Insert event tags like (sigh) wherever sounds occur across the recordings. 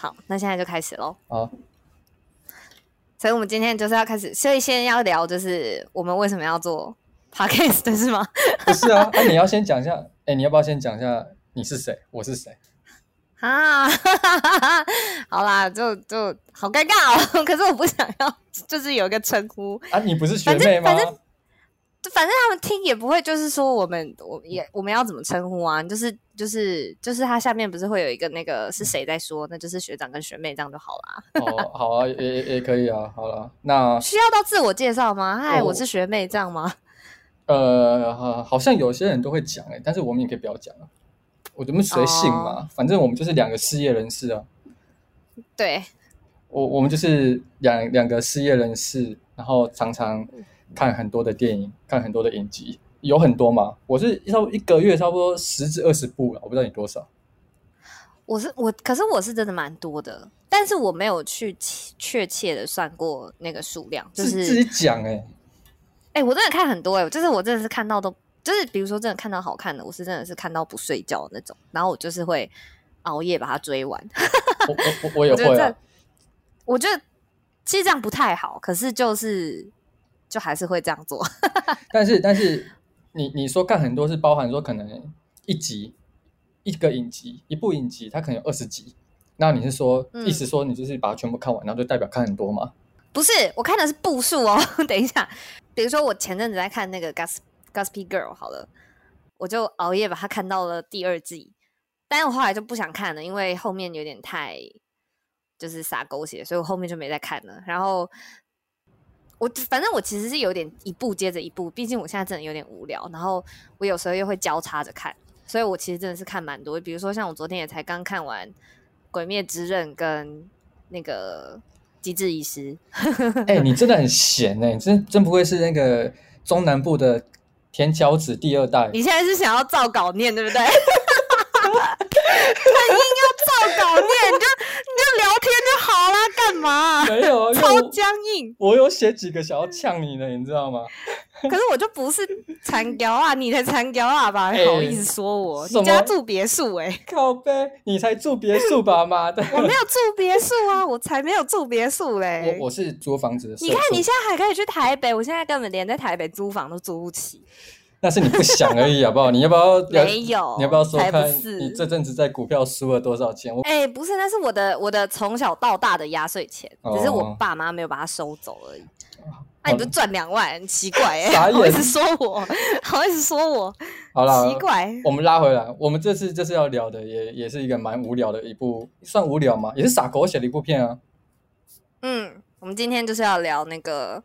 好，那現在就開始嘍。好、哦，所以我們今天就是要開始，所以先要聊，就是我們為什麼要做 podcast，對是嗎？ (laughs) 不是啊，那、啊、你要先講一下、欸，你要不要先講一下你是誰，我是誰？啊， (laughs) 好啦，就就好尷尬哦。可是我不想要，就是有一個稱呼啊，你不是學妹嗎？就反正他們聽也不會，就是說我們，我們也我們要怎麼稱呼啊？就是就是就是，就是、他下面不是會有一個那個是誰在說？那就是學長跟學妹這樣就好了 (laughs) 哦。好啊，也也可以啊。好了，那需要到自我介紹嗎？嗨、哦，Hi, 我是學妹這樣嗎？呃，好像有些人都會講誒、欸，但是我們也可以不要講啊。我們隨性嘛、哦，反正我們就是兩個失業人士啊。對，我我們就是兩兩個失業人士，然後常常、嗯。看很多的電影，看很多的影集，有很多嗎？我是要一個月差不多十至二十部了啊，我不知道你多少。我是我，可是我是真的蠻多的，但是我沒有去確切的算過那個數量，就是，是自己講欸，欸，我真的看很多欸，就是我真的是看到都就是比如說真的看到好看的，我是真的是看到不睡覺的那種，然後我就是會熬夜把它追完。我我我也會啊。 (laughs) 我覺得，我覺得其實這樣不太好，可是就是。就還是會這樣做 (laughs) 但，但是但是你，你說看很多是包含說可能一集 (laughs) 一個影集一部影集它可能有二十集，那你是說、嗯、意思說你就是把它全部看完，然後就代表看很多嗎？不是，我看的是部數哦。等一下，比如說我前陣子在看那個《Gossip Girl》，好了，我就熬夜把它看到了第二季，但是我後來就不想看了，因為後面有點太就是撒狗血，所以我後面就沒再看了。然後。我反正我其實是有點一步接着一步，畢竟我現在真的有點無聊，然後我有時候又會交叉着看，所以我其實真的是看蠻多。比如說像我昨天也才剛看完《鬼滅之刃》跟那個《機智醫師》哎、欸，你真的很閒哎、欸，你真真不會是那個中南部的田僑仔第二代？你現在是想要照稿念對不對？硬 (laughs) (laughs) 要照稿念，你就你就聊天就好了，幹嘛、啊？沒有、啊。僵硬，我，我有寫幾個想要嗆你的，你知道嗎？可是我就不是殘嬌啊，你才殘嬌啊吧？欸、不好意思說我？你家住別墅哎、欸，靠北，你才住別墅吧，媽 (laughs) 的！我沒有住別墅啊， (laughs) 我才沒有住別墅嘞。我我是租房子的。你看你現在還可以去台北，我現在根本連在台北租房都租不起。那是你不想而已 (laughs) 好不好？你要不要？沒有。你要不要說還，不是看？你這陣子在股票輸了多少錢？我哎、欸，不是，那是我的我的從小到大的壓歲錢，只是我爸媽沒有把它收走而已。那、啊、你都賺兩萬，很奇怪哎、欸！好意思說我，好意思說我。好了，奇怪。我們拉回來，我們這次就是要聊的也，也也是一個蠻無聊的一部，算無聊嘛，也是灑狗血的一部片啊。嗯，我們今天就是要聊那個，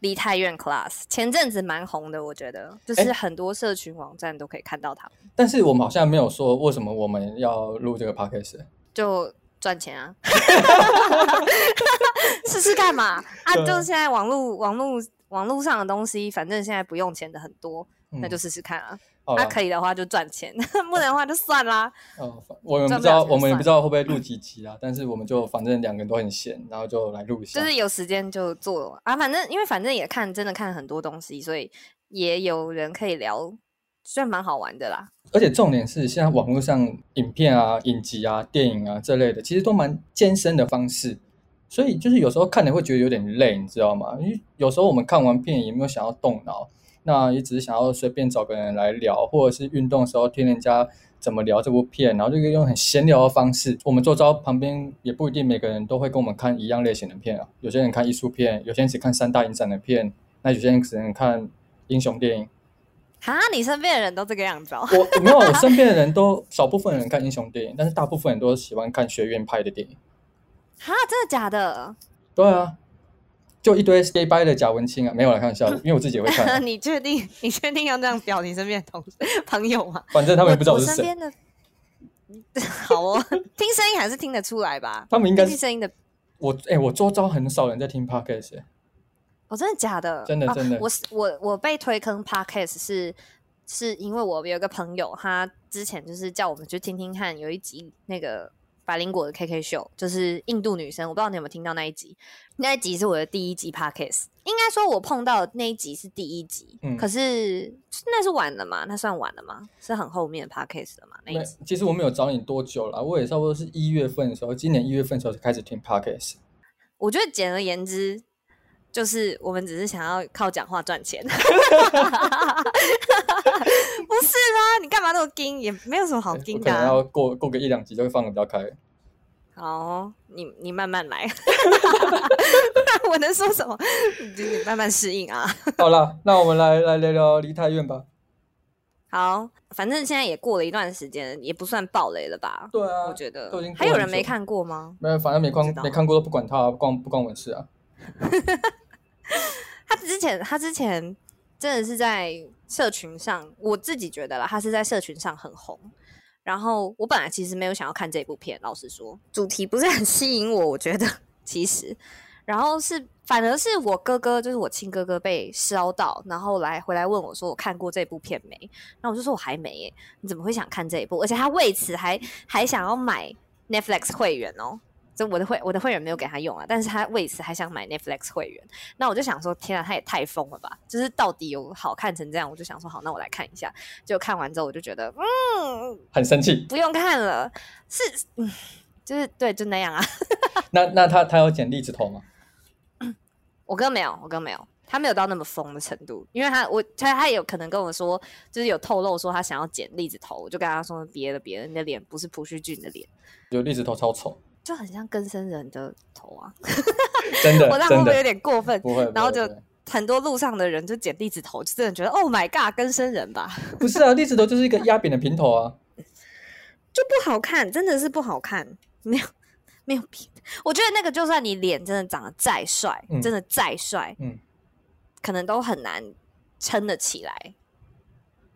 梨泰院，Class 前陣子蠻紅的，我覺得就是很多社群網站都可以看到他。但是我們好像沒有說為什麼我們要錄這個 Podcast，就賺錢啊，試 (noise) 試樂 (laughs) 看嘛 (laughs) (laughs) (music) 啊！就現在網路網路網路上的東西，反正現在不用錢的很多，那就試試看啊。嗯那、啊、可以的話就賺錢， (laughs) 不能的話就算啦。哦，我們不知道，我們也不知道會不會錄幾集啊？嗯、但是我們就反正兩個人都很閒，然後就來錄一下。就是有時間就做啊，反正因為反正也看，真的看很多東西，所以也有人可以聊，算蠻好玩的啦。而且重點是，現在網絡上影片啊、影集啊、電影啊這類的，其實都蠻艱深的方式，所以就是有時候看的會覺得有點累，你知道嗎？因為有時候我們看完片也沒有想要動腦。那也只是想要隨便找個人來聊，或者是運動的時候聽人家怎麼聊這部片，然後就可以用很閒聊的方式。我們周遭旁邊也不一定每個人都會跟我們看一樣類型的片啊，有些人看藝術片，有些人只看三大影展的片，那有些人只能看英雄電影。哈，你身邊的人都這個樣子？我我沒有，我身邊的人都 (laughs) 少部分人看英雄電影，但是大部分人都喜歡看學院派的電影。哈，真的假的？對啊。就一堆 skate by 的假文青啊，沒有啦，開玩笑，因為我自己也會看、啊。 (laughs) 你確定？你確定要這樣表你身邊的同事朋友嗎？反正他們也不知道是誰。我身邊的好哦， (laughs) 聽聲音還是聽得出來吧。他們應該聽聲音的。我哎、欸，我周遭很少人在聽 podcast。哦、oh，真的假的？真的真的。Oh, 我是我我被推坑 podcast 是是因為我有一個朋友，他之前就是叫我們去聽聽看，有一集那個。百靈果的 KK 秀就是印度女生，我不知道你有沒有聽到那一集。那一集是我的第一集 podcast，應該說我碰到的那一集是第一集，嗯，可是那是晚了嘛，那算晚了嘛，是很後面的 podcast 的嘛？那一集其實我沒有找你多久啦，我也差不多是一月份的時候，今年一月份的時候就開始聽 podcast。我覺得簡而言之。就是我們只是想要靠講話賺錢 (laughs) (laughs) 不是嗎？你幹嘛那麼驚？也沒有什麼好驚的、啊。然、欸、後過過個一兩集就會放的比較開。好，你你慢慢來， (laughs) (laughs) (laughs) 我能說什麼？ (laughs) 你慢慢適應啊。好了，那我們來來，來聊聊梨泰院吧。好，反正現在也過了一段時間，也不算暴雷了吧？對啊，我覺得。還有人沒看過嗎？沒有，反正沒看沒看過都不管他、啊，不關不關我事啊？ (laughs) 他之前，他之前真的是在社群上，我自己覺得啦，他是在社群上很紅。然後我本來其實沒有想要看這部片，老實說，主題不是很吸引我，我覺得其實。然後是反而是我哥哥，就是我親哥哥，被燒到，然後來回來問我說：“我看過這部片沒？”那我就說我還沒耶，你怎麼會想看這一部？而且他為此還還想要買 Netflix 會員哦。就我的會我的會員沒有給他用啊，但是他為此還想買 Netflix 會員，那我就想說，天啊，他也太瘋了吧！就是到底有好看成這樣，我就想說，好，那我來看一下。就看完之後，我就覺得，嗯，很生氣，不用看了，是，嗯、就是對，就那樣啊。 (laughs) 那那他他有剪栗子頭嗎 (coughs) 我哥沒有，我哥沒有，他沒有到那麼瘋的程度，因為他我他他也有可能跟我說，就是有透露說他想要剪栗子頭，我就跟他說，別了，別人的臉不是朴敘俊的臉，有栗子頭超醜。就很像更生人的頭啊， (laughs) 真的，我這樣會不會有點過分？不會。然後就很多路上的人就剪栗子頭，就真的覺得對對 “Oh my god”，更生人吧？不是啊，栗 (laughs) 子頭就是一個壓扁的平頭啊，就不好看，真的是不好看，沒有沒有平。我覺得那個就算你臉真的長得再帥，嗯、真的再帥、嗯，可能都很難撐得起來。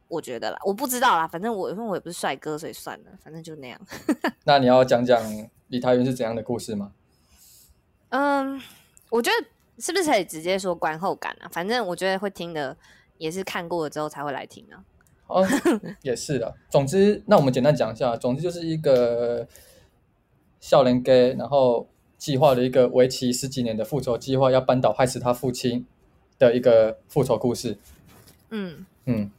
我覺得啦，我不知道啦，反正我因為我也不是帥哥，所以算了，反正就那樣。 (laughs) 那你要講講？梨泰院是怎樣的故事嗎？嗯，我覺得是不是可以直接說觀後感啊？反正我覺得會聽的也是看過了之後才會來聽啊。哦，也是的。 (laughs) 總之，那我們簡單講一下，總之就是一個少年家，然後計劃了一個為期十幾年的復仇計劃，要扳倒害死他父親的一個復仇故事。嗯嗯。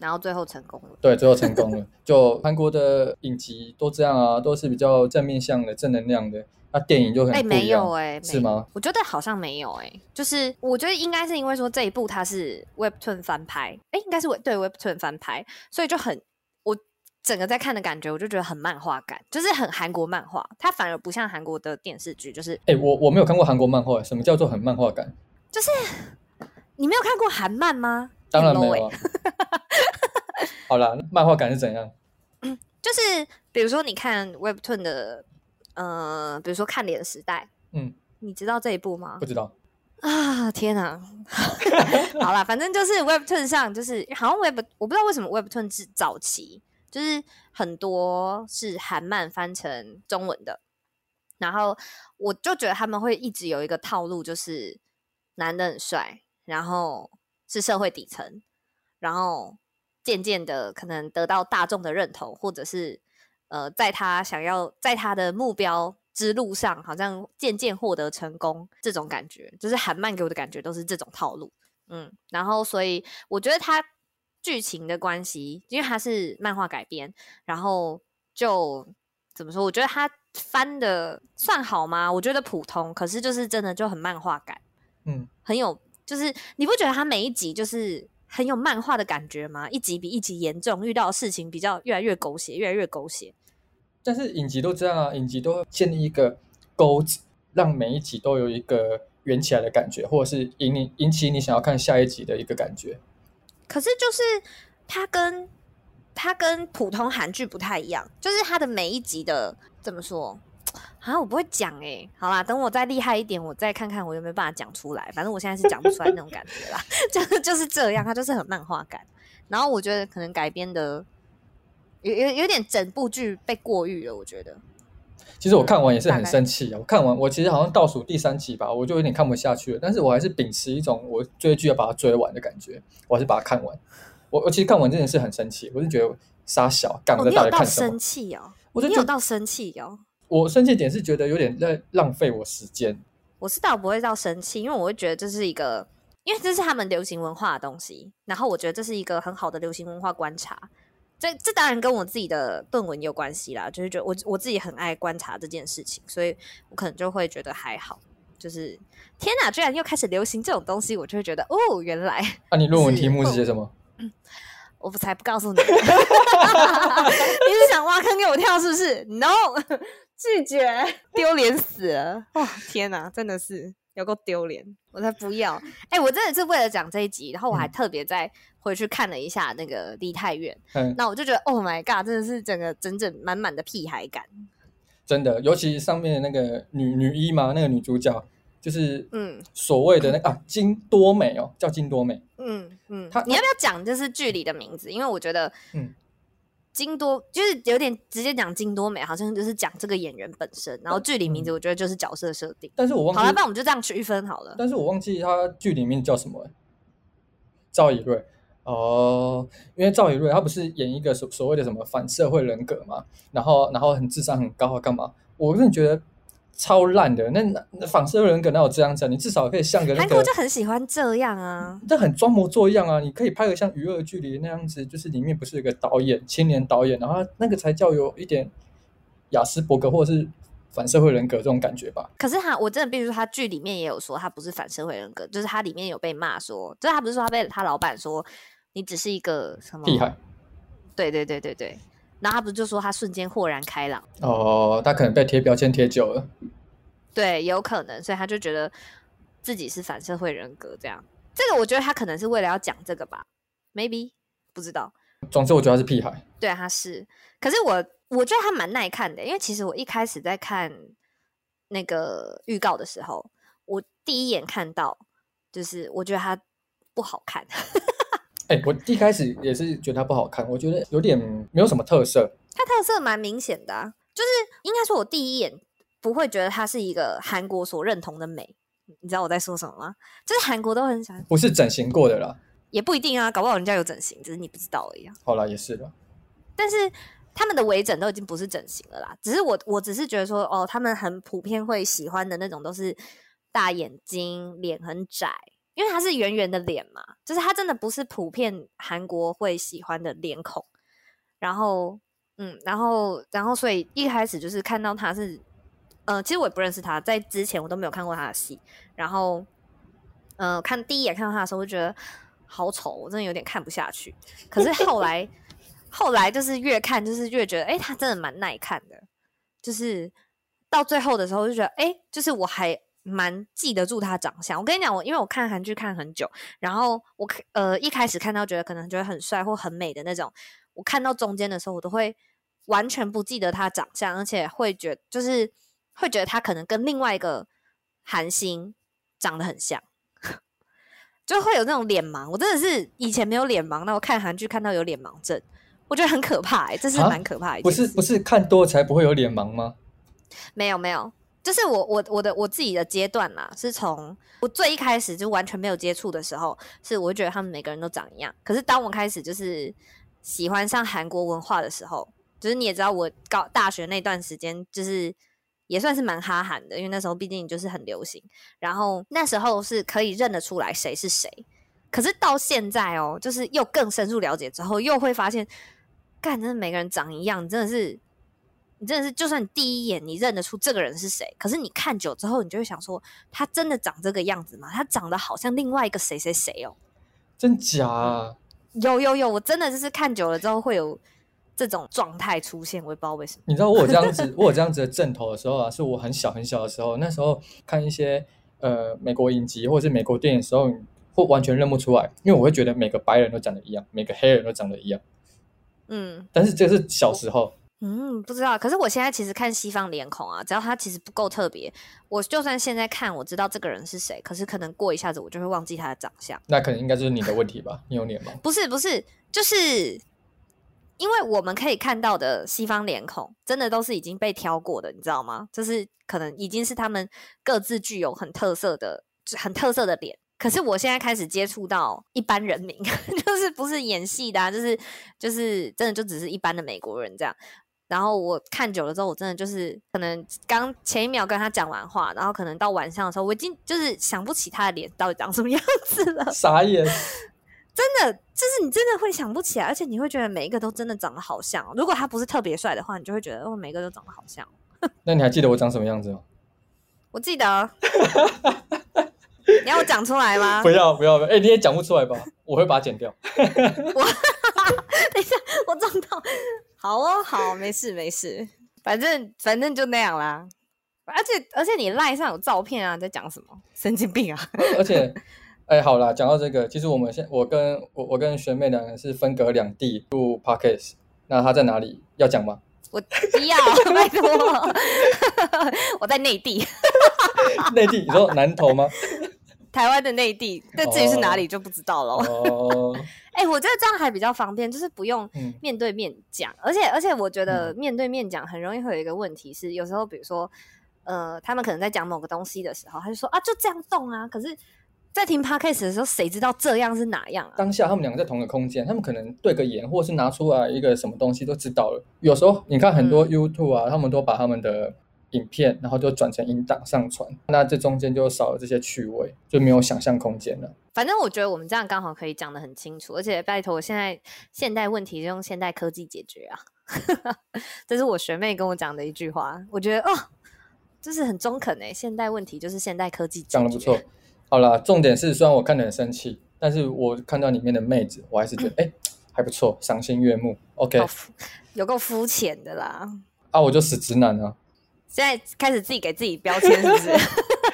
然後最後成功了。對，最後成功了。 (laughs) 就韓國的影集都這樣啊，都是比較正面向的、正能量的。那、啊、電影就很哎、欸，沒有哎、欸，是嗎？我覺得好像沒有哎、欸，就是我覺得應該是因為說，這一部它是 Webtoon 翻拍，哎、欸，應該是對 Webtoon 翻拍，所以就很我整個在看的感覺，我就覺得很漫畫感，就是很韓國漫畫。它反而不像韓國的電視劇，就是哎、欸，我我沒有看過韓國漫畫、欸，什麼叫做很漫畫感？就是你沒有看過韓漫嗎？當然沒有、欸 (laughs) (laughs) 好啦。好了，漫畫感是怎樣？嗯，就是比如說，你看 Webtoon 的，呃，比如說《看臉時代》，嗯，你知道這一部嗎？不知道。啊，天啊， (laughs) 好了啦， (laughs) 反正就是 Webtoon 上，就是好像 Web，我不知道為什麼 Webtoon 是早期，就是很多是韓漫翻成中文的，然後我就覺得他們會一直有一個套路，就是男的很帥，然後。是社會底層，然後漸漸的可能得到大眾的認同，或者是呃，在他想要在他的目標之路上，好像漸漸獲得成功，這種感覺，就是韓漫給我的感覺都是這種套路，嗯，然後所以我覺得他劇情的關係，因為他是漫畫改編，然後就怎麼說？我覺得他翻得算好嗎？我覺得普通，可是就是真的就很漫畫感，嗯，很有。就是你不覺得它每一集就是很有漫畫的感覺嗎？一集比一集嚴重，遇到的事情比較越來越狗血，越來越狗血。但是影集都這樣啊，影集都建立一個勾，讓每一集都有一個圓起來的感覺，或者是引你引起你想要看下一集的一個感覺。可是就是它跟它跟普通韓劇不太一樣，就是它的每一集的怎麼說？啊，我不會講哎、欸，好啦，等我再厲害一點，我再看看我有沒有辦法講出來。反正我現在是講不出來那種感覺啦，就 (laughs) 是 (laughs) 就是這樣，它就是很漫畫感。然後我覺得可能改編的有有有點整部劇被過譽了，我覺得。其實我看完也是很生氣啊、嗯！我看完，我其實好像倒數第三集吧，我就有點看不下去了。但是我還是秉持一種我追劇要把它追完的感覺，我還是把它看完。我我其實看完這件事很生氣，我是覺得殺小趕着大家看，哦、到生氣哦，我沒有到生氣喲、哦。我生氣點是覺得有點在浪費我時間。我知道我不會到生氣，因為我會覺得這是一個，因為這是他們流行文化的東西，然後我覺得這是一個很好的流行文化觀察。這這當然跟我自己的論文也有關係啦，就是覺得我我自己很愛觀察這件事情，所以我可能就會覺得還好。就是天哪，居然又開始流行這種東西，我就會覺得哦，原來。那、啊、你論文題目是些什麼？哦、我不才不告訴你， (laughs) (laughs) (laughs) 你是想挖坑給我跳是不是？No。 (laughs) 拒絕丟臉 (laughs) 死了！天哪、啊，真的是有夠丟臉，我才不要！哎、 (laughs) 欸，我真的是為了講這一集，然後我還特別再回去看了一下那個離太遠、嗯，那我就覺得、嗯、Oh my God，真的是整個整整滿滿的屁孩感，真的，尤其上面的那個女女一嘛，那個女主角就是嗯所謂的那個、嗯啊、金多美哦，叫金多美，嗯嗯，你要不要講就是劇裡的名字？因為我覺得嗯。金多就是有點直接講金多美，好像就是講這個演員本身，然後劇裡名字我覺得就是角色設定。嗯，但是我忘了，好了，那我們就這樣區分好了。但是我忘記他劇裡名字叫什麼，趙以瑞哦，因為趙以瑞他不是演一個所所謂的什麼反社會人格嘛，然後然後很智商很高啊，幹嘛？我真的覺得。超爛的那那反社會人格哪有這樣子，啊，你至少可以像個韓、那、國、個、就很喜歡這樣啊，這很裝模作樣啊。你可以拍個像與惡的距離那樣子，就是裡面不是有個導演，青年導演，然後那個才叫有一點亞斯伯格，或者是反社會人格這種感覺吧。可是他我真的比如說他劇裡面也有說他不是反社會人格，就是他裡面有被罵說，就是他不是說他被他老闆說你只是一個什麼厲害？對對對對對，然後他不是就說他瞬間豁然開朗哦，他可能被貼標籤貼久了。對，有可能，所以他就覺得自己是反社會人格，這樣。這個我覺得他可能是為了要講這個吧，maybe 不知道。總之，我覺得他是屁孩。對，他是。可是我我覺得他蠻耐看的，因為其實我一開始在看那個預告的時候，我第一眼看到，就是我覺得他不好看。哎、 (laughs) 欸，我一開始也是覺得他不好看，我覺得有點沒有什麼特色。他特色蠻明顯的、啊，就是應該說我第一眼。不會覺得她是一個韓國所認同的美，你知道我在說什麼嗎？就是韓國都很喜歡，不是整形過的啦，也不一定啊，搞不好人家有整形，只是你不知道而已。好啦，也是啦。但是他們的微整都已經不是整形了啦，只是我我只是覺得說，哦，他們很普遍會喜歡的那種都是大眼睛、臉很窄，因為她是圓圓的臉嘛，就是她真的不是普遍韓國會喜歡的臉孔。然後，嗯，然後，然後，所以一開始就是看到她是。呃，其實我也不認識他，在之前我都沒有看過他的戲。然後，呃，看第一眼看到他的時候，我覺得好醜，我真的有點看不下去。可是後來， (laughs) 後來就是越看就是越覺得，哎、欸，他真的蠻耐看的。就是到最後的時候，就覺得，哎、欸，就是我還蠻記得住他長相。我跟你講，我因為我看韓劇看很久，然後我呃一開始看到覺得可能覺得很帥或很美的那種，我看到中間的時候，我都會完全不記得他長相，而且會覺得就是。會覺得他可能跟另外一個韓星長得很像， (laughs) 就會有那種臉盲。我真的是以前沒有臉盲，那我看韓劇看到有臉盲症，我覺得很可怕，哎、欸，這是蠻可怕的、啊。不是不是看多才不會有臉盲嗎？沒有沒有，就是我我我的我自己的階段啦、啊，是從我最一開始就完全沒有接觸的時候，是我覺得他們每個人都長一樣。可是當我開始就是喜歡上韓國文化的時候，就是你也知道，我高大學那段時間就是。也算是蠻哈韓的，因為那時候畢竟就是很流行，然後那時候是可以認得出來誰是誰。可是到現在哦、喔，就是又更深入了解之後，又會發現，幹，真的每個人長一樣，真的是，你真的是，就算你第一眼你認得出這個人是誰，可是你看久之後，你就會想說，他真的長這個樣子嗎？他長得好像另外一個誰誰誰哦，真假、啊？有有有，我真的就是看久了之後會有。這種狀態出現，我也不知道為什麼。你知道我有這樣子， (laughs) 我有這樣子的症頭的時候啊，是我很小很小的時候。那時候看一些呃美國影集或者是美國電影的時候，會完全認不出來，因為我會覺得每個白人都長得一樣，每個黑人都長得一樣。嗯，但是這是小時候。嗯，嗯，不知道。可是我現在其實看西方臉孔啊，只要他其實不夠特別，我就算現在看，我知道這個人是誰。可是可能過一下子，我就會忘記他的長相。那可能應該就是你的問題吧？你有臉嗎？不是不是，就是。因為我們可以看到的西方臉孔，真的都是已經被挑過的，你知道嗎？就是可能已經是他們各自具有很特色的、很特色的臉。可是我現在開始接觸到一般人民，就是不是演戲的啊，就是就是真的就只是一般的美國人這樣。然後我看久了之後，我真的就是可能剛前一秒跟他講完話，然後可能到晚上的時候，我已經就是想不起他的臉到底長什麼樣子了。傻眼。真的，就是你真的會想不起來啊，而且你會覺得每一個都真的長得好像哦。如果他不是特別帥的話，你就會覺得哦，每個都長得好像哦。那你還記得我長什麼樣子嗎？我記得。 (laughs) 你要我講出來嗎？不要不要，哎，欸，你也講不出來吧？ (laughs) 我會把它剪掉。我 (laughs) (laughs) 等一下，我撞到。好哦，好，沒事沒事，反正反正就那樣啦。而且而且你賴上有照片啊，在講什麼？神經病啊！ (laughs) 而且。哎、欸，好啦，講到這個，其實我們先我跟我我跟學妹兩人是分隔兩地錄 podcast，那她在哪裡？要講嗎？我不要，拜托， (laughs) (laughs) 我在內內地，內 (laughs) 地。你說南投嗎？ (laughs) 台灣的內地，但至於是哪裡就不知道嘍。哎、哦 (laughs) 欸，我覺得這樣還比較方便，就是不用面對面講，嗯，而且而且我覺得面對面講很容易會有一個問題是，有時候比如說呃，他們可能在講某個東西的時候，他就說啊就這樣動啊，可是。在聽 podcast 的時候，誰知道這樣是哪樣啊？當下他們兩個在同一個空間，他們可能對個眼，或者是拿出來一個什麼東西都知道了。有時候你看很多 YouTube 啊，嗯、他們都把他們的影片，然後就轉成音檔上傳，那這中間就少了這些趣味，就沒有想象空間了。反正我覺得我們這樣剛好可以講得很清楚，而且拜托，現在現代問題就用現代科技解決啊。 (laughs) 這是我學妹跟我講的一句話，我覺得哦，這、就是很中肯誒、欸。現代問題就是現代科技解決、啊，講得不錯。好了，重點是雖然我看得很生氣，但是我看到裡面的妹子，我還是覺得哎、嗯欸、還不錯，賞心悅目。OK，、哦、有夠膚淺的啦！啊，我就死直男啊！現在開始自己給自己標籤是不是？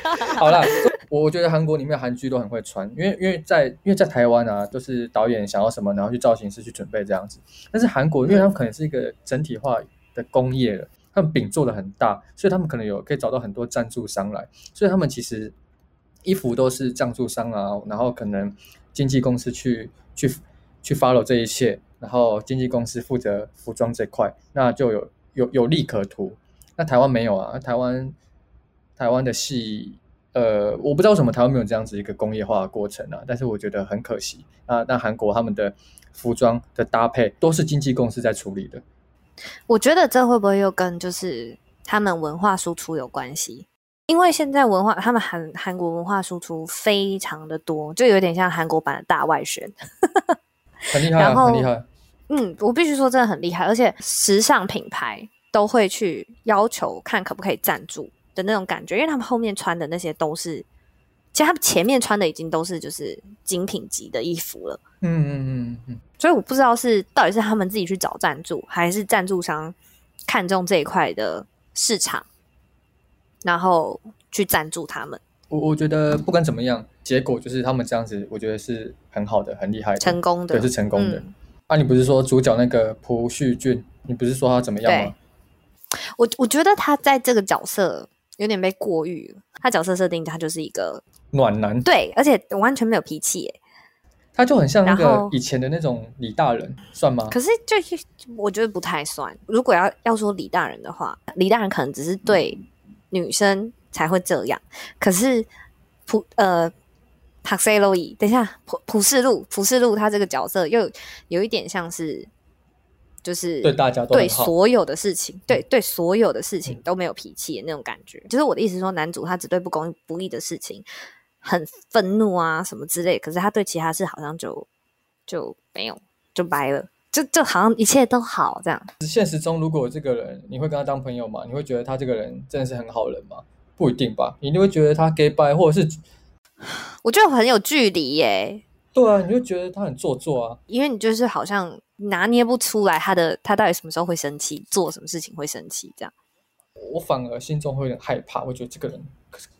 (laughs) (laughs) 好了，我覺得韓國裡面的韓劇都很會穿，因為因為在因為在台灣啊，都、就是導演想要什麼，然後去造型師去準備這樣子。但是韓國，因為他們可能是一個整體化的工業了，他們餅做的很大，所以他們可能有可以找到很多贊助商來，所以他們其實。衣服都是贊助商啊，然後可能經紀公司去去去 follow 這一切，然後經紀公司負責服裝這塊，那就有有有利可圖。那台灣沒有啊，台灣台灣的戲，呃，我不知道為什麼台灣沒有這樣子一個工業化的過程啊，但是我覺得很可惜。那那韓國他們的服裝的搭配都是經紀公司在處理的。我覺得這會不會又跟就是他們文化輸出有關係？因為現在文化，他們韓韓國文化輸出非常的多，就有點像韓國版的大外宣， (laughs) 很厲害，然後，很厲害。嗯，我必須說真的很厲害，而且時尚品牌都會去要求看可不可以贊助的那種感覺，因為他們後面穿的那些都是，其實他們前面穿的已經都是就是精品級的衣服了。嗯嗯嗯嗯。所以我不知道是到底是他們自己去找贊助，還是贊助商看中這一塊的市場，然後去贊助他們。我我覺得不管怎麼樣，結果就是他們這樣子，我覺得是很好的，很厲害的，成功的，是成功的。嗯、啊，你不是說主角那個朴敘俊，你不是說他怎麼樣嗎？我我覺得他在這個角色有點被過譽。他角色設定，他就是一個暖男，對，而且完全沒有脾氣耶。他就很像那個以前的那種李大人，算嗎？可是就，就我覺得不太算。如果要要說李大人的話，李大人可能只是對、嗯。女生才會這樣，可是普呃帕塞洛伊，等一下普普世路普世路，世路他這個角色又有，有一點像是，就是對大家都好，對所有的事情，對對所有的事情都沒有脾氣的那種感覺。嗯、就是我的意思說，男主他只對不公不義的事情很憤怒啊什麼之類，可是他對其他事好像就就沒有就白了。就就好像一切都好這樣。現實中，如果有這個人，你會跟他當朋友嗎？你會覺得他這個人真的是很好人嗎？不一定吧。你就會覺得他 gay bye，或者是……我就很有距離耶、欸。對啊，你就覺得他很做作啊，因為你就是好像拿捏不出來他的，他到底什麼時候會生氣，做什麼事情會生氣這樣。我反而心中會有點害怕，我覺得這個人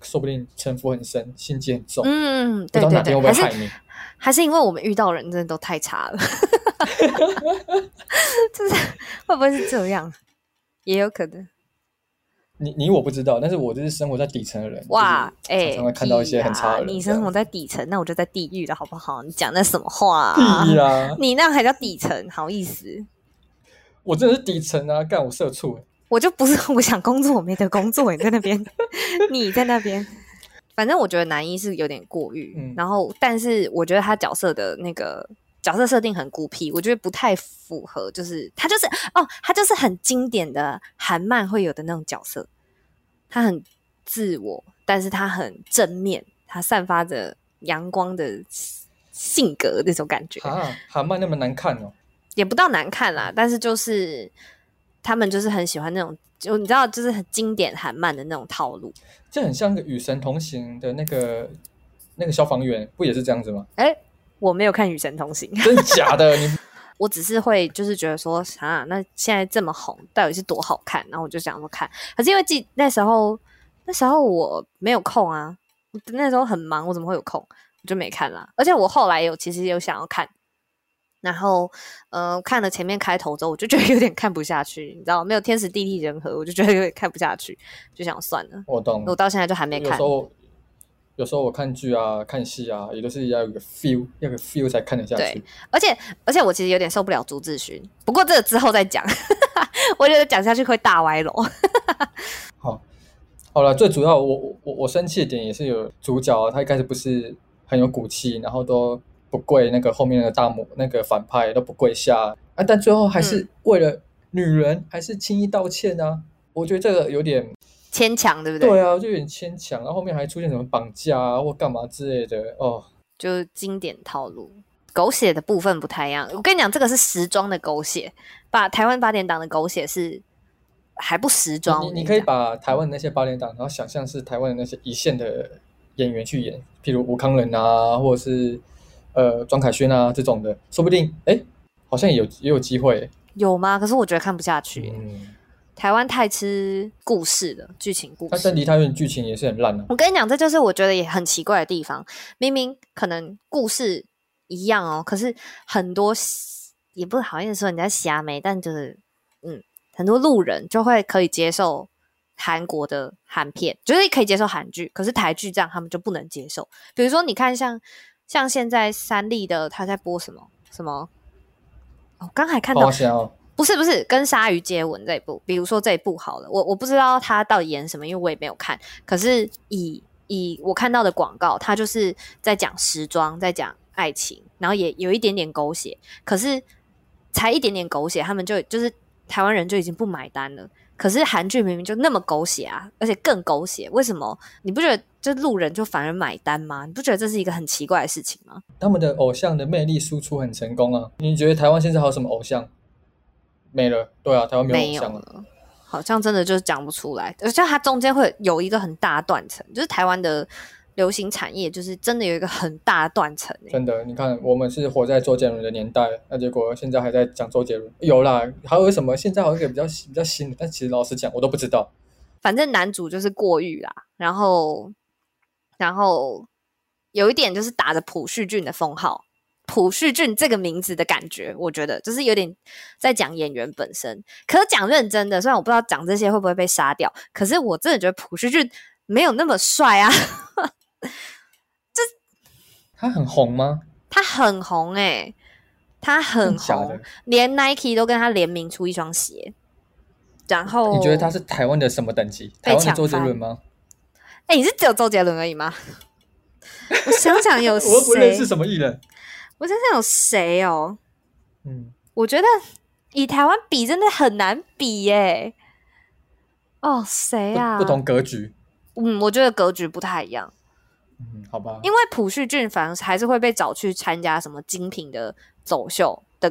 說不定城府很深，心機很重。嗯，對對對，還是，還是因為我們遇到人真的都太差了。 (laughs) (laughs) 是不就是會不會是這樣？也有可能。你你我不知道，但是我這是生活在底層的人。哇，哎、就是欸，看到一些很差。你生活在底層，那我就在地獄了，好不好？你講那什麼話、啊？地獄啊！你那還叫底層？好意思。我真的是底層啊，幹我社畜。我就不是，我想工作，我沒得工作。 (laughs) 你在那邊，你在那邊。反正我覺得男一是有點過譽、嗯，然後，但是我覺得他角色的那個。角色設定很孤僻，我覺得不太符合。就是他就是哦，他就是很經典的韓漫會有的那種角色。他很自我，但是他很正面，他散發着陽光的性格那種感覺。啊、韓漫那麼難看哦？也不到難看啦，但是就是他們就是很喜歡那種，就你知道，就是很經典韓漫的那種套路。這很像《個與神同行》的那個那個消防員，不也是這樣子嗎？哎、欸。我沒有看《與神同行》，真的假的？ (laughs) 我只是會就是覺得說啊，那現在這麼紅，到底是多好看？然後我就想說看，可是因為記那時候那時候我沒有空啊，那時候很忙，我怎麼會有空？我就沒看了。而且我後來也有其實也有想要看，然後嗯、呃，看了前面開頭之後，我就覺得有點看不下去，你知道，沒有天時地利人和，我就覺得有點看不下去，就想算了。我懂。我到現在就還沒看。有時候我看劇啊、看戲啊，也都是要有個 feel，要有個 feel 才看得下去。對，而且而且我其實有點受不了朱智勳，不過這個之後再講，我覺得講下去會大歪樓。好，好了，最主要我我我生氣的點也是有主角，啊，他一開始不是很有骨氣，然後都不跪那個後面的大母那個反派都不跪下啊，但最後還是為了女人、嗯、還是輕易道歉呢，啊？我覺得這個有點。牽強對不對？對啊，就有點牽強，然後後面還出現什麼綁架啊或幹嘛之類的哦，就是經典套路，狗血的部分不太一樣。我跟你講，這個是時裝的狗血，把台灣八點檔的狗血是還不時裝。你可以把台灣那些八點檔，然後想象是台灣的那些一線的演員去演，譬如吳慷仁啊，或者是呃莊凱勛啊這種的，說不定哎、欸，好像也有也有機會、欸。有嗎？可是我覺得看不下去、欸。嗯台灣太吃故事了，劇情故事。但梨泰院的劇情也是很爛的啊。我跟你講，這就是我覺得也很奇怪的地方。明明可能故事一樣哦，可是很多也不好意思說人家瞎沒，但就是嗯，很多路人就會可以接受韓國的韓片，就是可以接受韓劇，可是台劇這樣他們就不能接受。比如說，你看像像現在三立的他在播什麼什麼？哦，剛才看到。不是不是，跟鯊魚接吻這一部，比如說這一部好了，我我不知道他到底演什麼，因為我也沒有看。可是以以我看到的廣告，他就是在講時裝，在講愛情，然後也有一點點狗血，可是才一點點狗血，他們就就是台灣人就已經不買單了。可是韓劇明明就那麼狗血啊，而且更狗血，為什麼你不覺得？這路人就反而買單嗎？你不覺得這是一個很奇怪的事情嗎？他們的偶像的魅力輸出很成功啊！你覺得台灣現在還有什麼偶像？沒了，對啊，台灣沒有講了，了，好像真的就是講不出來，而且它中間會有一個很大斷層，就是台灣的流行產業就是真的有一個很大斷層、欸。真的，你看我們是活在周杰倫的年代，那結果現在還在講周杰倫。有啦，還有什麼？現在好像也比較比較新，但其實老實講，我都不知道。反正男主就是過譽啦，然後然後有一點就是打着朴敘俊的封號。朴敘俊這個名字的感覺，我覺得就是有點在講演員本身，可是講認真的。雖然我不知道講這些會不會被殺掉，可是我真的覺得朴敘俊沒有那麼帥啊！這 (laughs) 他很紅嗎？他很紅哎、欸，他很紅，連 Nike 都跟他聯名出一雙鞋。然後你覺得他是台灣的什麼等級？台灣周杰倫嗎？哎、欸，你是只有周杰倫而已嗎？ (laughs) 我想想有誰？我是什麼藝人。我想想有誰哦，嗯，我覺得以台灣比真的很難比耶、欸。哦，誰呀、啊？不同格局。嗯，我覺得格局不太一樣。嗯，好吧。因為朴敘俊反而還是會被找去參加什麼精品的走秀的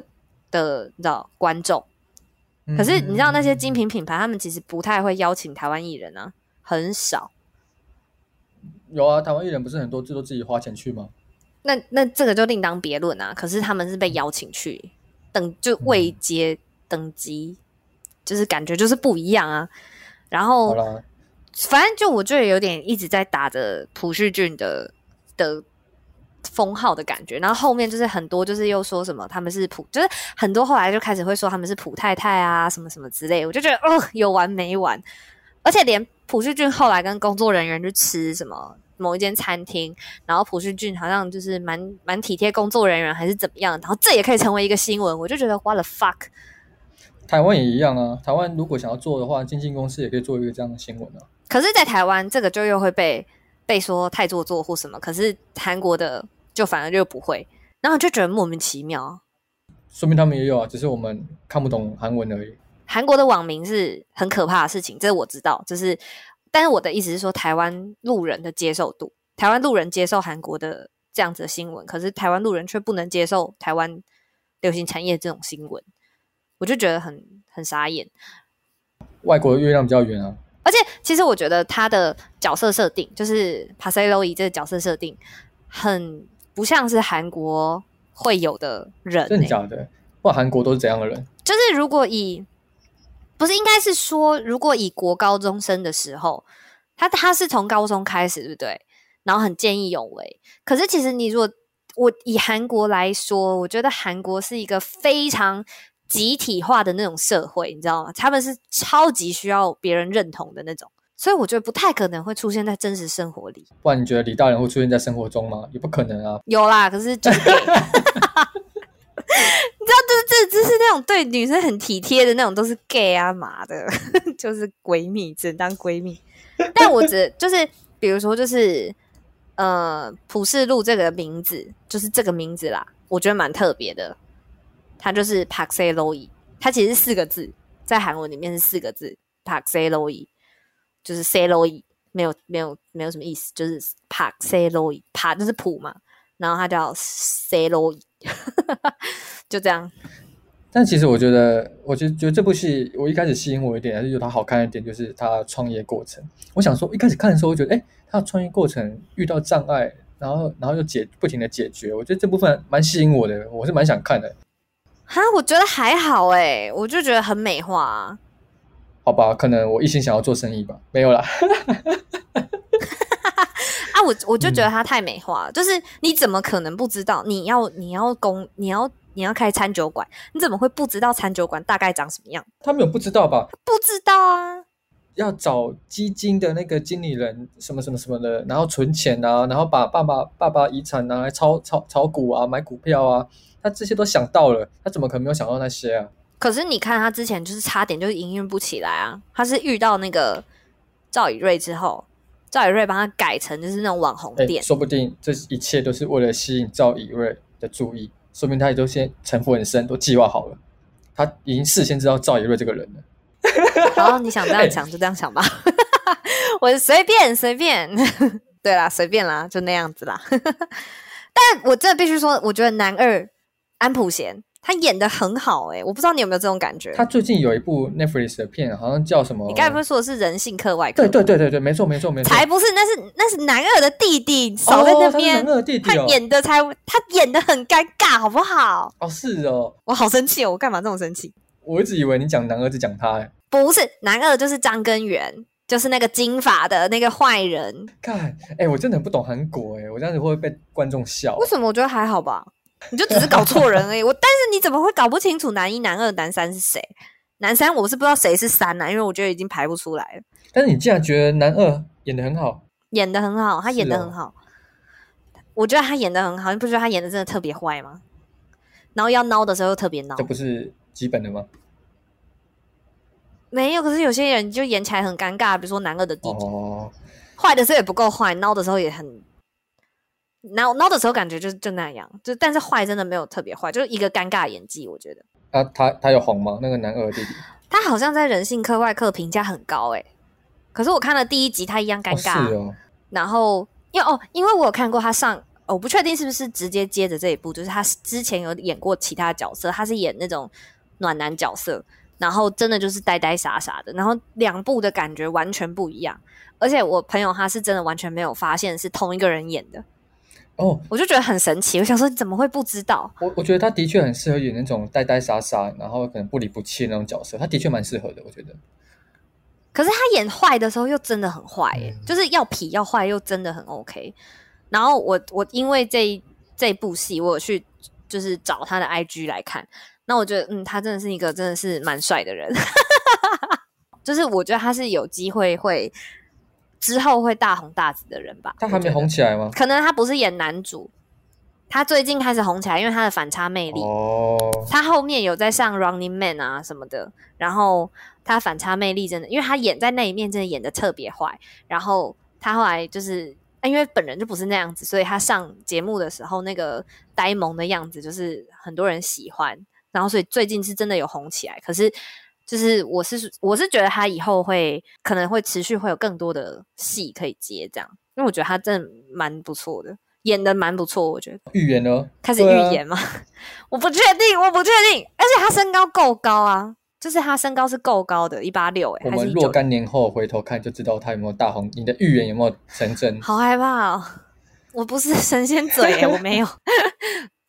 的的觀眾、嗯。可是你知道那些精品品牌，嗯、他們其實不太會邀請台灣藝人啊，很少。有啊，台灣藝人不是很多，最多自己花錢去嗎？那那這個就另當別論啊，可是他們是被邀請去等，就未接登機、嗯，就是感覺就是不一樣啊。然後，反正就我就有點一直在打着朴敘俊的的封號的感覺，然後後面就是很多就是又說什麼他們是朴，就是很多後來就開始會說他們是朴太太啊什麼什麼之類，我就覺得哦、呃、有完沒完，而且連朴敘俊後來跟工作人員就吃什麼。某一間餐廳，然後朴敘俊好像就是蠻蠻體貼工作人員還是怎麼樣，然後這也可以成為一個新聞，我就覺得，What the fuck！台灣也一樣啊，台灣如果想要做的話，經紀公司也可以做一個這樣的新聞啊。可是，在台灣這個就又會被被說太做作或什麼，可是韓國的就反而就不會，然後就覺得莫名其妙。說明他們也有啊，只是我們看不懂韓文而已。韓國的網民是很可怕的事情，這我知道，就是。但是我的意思是說，台灣路人的接受度，台灣路人接受韓國的這樣子的新聞，可是台灣路人卻不能接受台灣流行產業這種新聞，我就覺得很很傻眼。外國的月亮比較圓啊！而且，其實我覺得他的角色設定，就是帕塞羅伊這個角色設定，很不像是韓國會有的人、欸。真的假的？或韓國都是怎樣的人？就是如果以不是，應該是說，如果以國高中生的時候，他他是從高中開始，對不對？然後很見義勇為，可是其實你如果我以韓國來說，我覺得韓國是一個非常集體化的那種社會，你知道嗎？他們是超級需要別人認同的那種，所以我覺得不太可能會出現在真實生活裡。不然你覺得李大仁會出現在生活中嗎？也不可能啊，有啦，可是就。 (laughs) (laughs) 這這,這是那種對女生很體貼的那種，都是 gay 啊嘛的呵呵，就是閨蜜只能當閨蜜。 (laughs) 但我只就是，比如說就是，呃，朴世路這個名字，就是這個名字啦，我覺得蠻特別的。他就是 Park Saeroyi 他其實四個字，在韓文裡面是四個字 Park Saeroyi 就是 Saeroyi 沒有沒有沒有什麼意思，就是 Park Saeroyi Park 就是朴嘛。然後他叫 C 羅，就這樣。但其實我覺得，我就覺得這部戲，我一開始吸引我一點，還是有它好看一點，就是他創業過程。我想說，一開始看的時候，我覺得，誒他創業過程遇到障礙，然後然後又解，不停地解決。我覺得這部分蠻吸引我的，我是蠻想看的。哈，我覺得還好誒、欸、我就覺得很美化。好吧，可能我一心想要做生意吧，沒有啦。 (laughs) (laughs) 啊，我我就覺得他太美化了，嗯，就是你怎麼可能不知道？你要你要工，你要你要開餐酒館，你怎麼會不知道餐酒館大概長什麼樣？他們有不知道吧？不知道啊！要找基金的那個經理人，什麼什麼什麼的，然後存錢啊，然後把爸爸爸爸遺產啊，拿來炒炒炒股啊，買股票啊，他這些都想到了，他怎麼可能沒有想到那些啊？可是你看他之前就是差點就營運不起來啊，他是遇到那個趙以瑞之後。趙以瑞幫他改成就是那種網紅店。欸，說不定這一切都是為了吸引趙以瑞的注意，說明他也都先城府很深，都計劃好了。他已經事先知道趙以瑞這個人了。 (laughs) 好，你想這樣想就這樣想吧，欸。 (laughs) 我隨便隨便，隨便 (laughs) 對啦，隨便啦，就那樣子啦。 (laughs) 但我這必須說，我覺得男二安普賢。他演的很好、欸、我不知道你有沒有這種感覺。他最近有一部 Netflix 的片，好像叫什麼？你剛才不是說的是《人性課外課》？對對對對對，沒錯沒錯沒錯，才不是，那是那是男二的弟弟少在那邊。哦、男二弟弟、哦，他演的才他演的很尷尬，好不好？哦，是哦，我好生氣，哦。我幹嘛這麼生氣？我一直以為你講男二只講他、欸，不是男二就是張根源，就是那個金髮的那個壞人。看，哎、欸，我真的很不懂韓國、欸，哎，我這樣子會不會被觀眾笑、欸？為什麼？我覺得還好吧。 (laughs) 你就只是搞錯人而已。我但是你怎麼會搞不清楚男一、男二、男三是誰？男三我是不知道誰是三吶，因為我覺得已經排不出來了。但是你竟然覺得男二演的很好，演的很好，他演的很好、哦。我覺得他演的很好，你不覺得他演的真的特別壞嗎？然後要孬的時候又特別孬，這不是基本的嗎？沒有，可是有些人就演起來很尷尬，比如說男二的弟弟，哦、壞的時候也不夠壞，孬的時候也很。孬孬的時候感覺就是就那樣，就但是壞真的沒有特別壞，就是一個尷尬的演技，我覺得。啊，他他有紅嗎？那個男二弟弟。他好像在人性課外課評價很高誒。可是我看了第一集他一樣尷尬。哦，是哦。然後因為哦，因為我有看過他上，我、哦、不確定是不是直接接着這一部，就是他之前有演過其他角色，他是演那種暖男角色，然後真的就是呆呆傻傻的，然後兩部的感覺完全不一樣，而且我朋友他是真的完全沒有發現是同一個人演的。哦、oh，，我就覺得很神奇。我想說，你怎麼會不知道？我我覺得他的確很適合演那種呆呆傻傻，然後可能不離不棄那種角色，他的確蠻適合的。我覺得，可是他演壞的時候又真的很壞耶、嗯，就是要皮、要壞又真的很 OK。然後我我因為這這部戲，我有去就是找他的 IG 來看，那我覺得嗯，他真的是一個真的是蠻帥的人， (laughs) 就是我覺得他是有機會會。之後會大紅大紫的人吧？他還沒紅起來嗎？可能他不是演男主，他最近開始紅起來，因為他的反差魅力哦。Oh. 他後面有在上 Running Man 啊什麼的，然後他的反差魅力真的，因為他演在那一面真的演得特別壞，然後他後來就是、欸、因為本人就不是那樣子，所以他上節目的時候那個呆萌的樣子就是很多人喜歡，然後所以最近是真的有紅起來，可是。就是我是我是覺得他以後會可能會持續會有更多的戲可以接這樣，因為我覺得他真的蠻不錯的，演的蠻不錯，我覺得。預言哦，開始預言嗎、啊？我不確定，我不確定。而且他身高夠高啊，就是他身高是夠高的，一八六哎。我們若干年後回頭看就知道他有沒有大紅，你的預言有沒有成真？好害怕哦，我不是神仙嘴、欸，我沒有。 (laughs)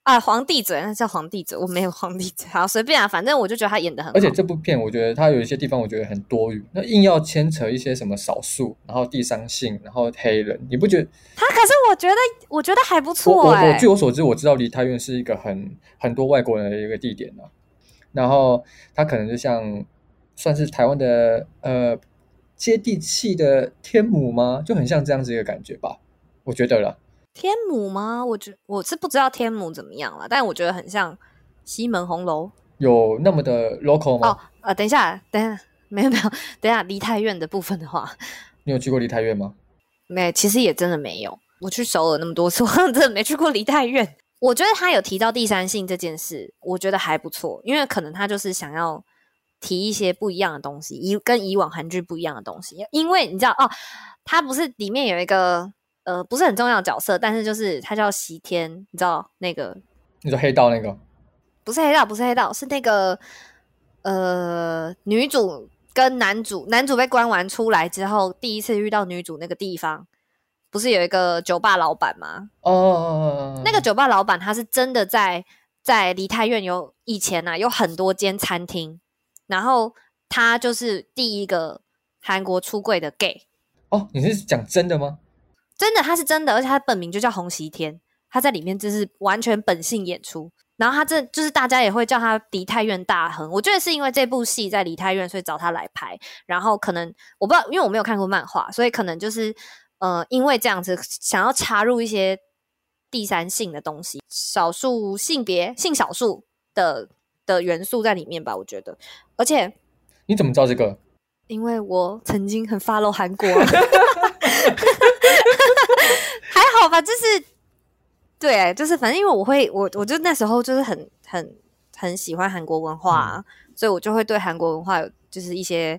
啊，皇帝嘴那叫皇帝嘴，我沒有皇帝嘴，好隨便啊，反正我就覺得他演的很好。而且這部片，我覺得他有一些地方我覺得很多餘，那硬要牽扯一些什麼少數，然後第三性，然後黑人，你不覺得？他可是我覺得，我覺得還不錯、欸。我，我，我據我所知，我知道梨泰院是一個很很多外國人的一個地點啊。然後他可能就像算是台灣的呃接地氣的天母嗎？就很像這樣子一個感覺吧，我覺得了。天母嗎？我覺我是不知道天母怎麼樣了，但我覺得很像《西門紅樓》有那麼的 local 嗎？哦、oh, 呃，等一下，等，下，沒有沒有，等一下，梨泰院的部分的話，你有去過梨泰院嗎？沒，其實也真的沒有，我去首了那麼多次，我真的沒去過梨泰院。我覺得他有提到第三性這件事，我覺得還不錯，因為可能他就是想要提一些不一樣的東西，以跟以往韓劇不一樣的東西，因為你知道哦，他不是裡面有一個。呃，不是很重要的角色，但是就是他叫席天，你知道那個？你說黑道那個？不是黑道，不是黑道，是那個呃，女主跟男主，男主被關完出來之後，第一次遇到女主那個地方，不是有一個酒吧老闆嗎？哦，哦哦哦，那個酒吧老闆他是真的在在梨泰院有以前啊，有很多間餐廳，然後他就是第一個韓國出櫃的 gay。哦，oh，你是講真的嗎？真的，他是真的，而且他本名就叫洪熙天，他在裡面就是完全本性演出。然後他這就是大家也會叫他《梨泰院大亨》，我覺得是因為這部戲在梨泰院，所以找他來拍。然後可能我不知道，因為我沒有看過漫畫，所以可能就是呃，因為這樣子想要插入一些第三性的東西，少數性別、性少數的的元素在裡面吧，我覺得。而且你怎麼知道這個？因為我曾經很 follow 韓國。 (laughs) (laughs) 還好吧，就是對、欸，就是反正因為我會，我我就那時候就是很很很喜歡韓國文化、啊嗯，所以我就會對韓國文化有就是一些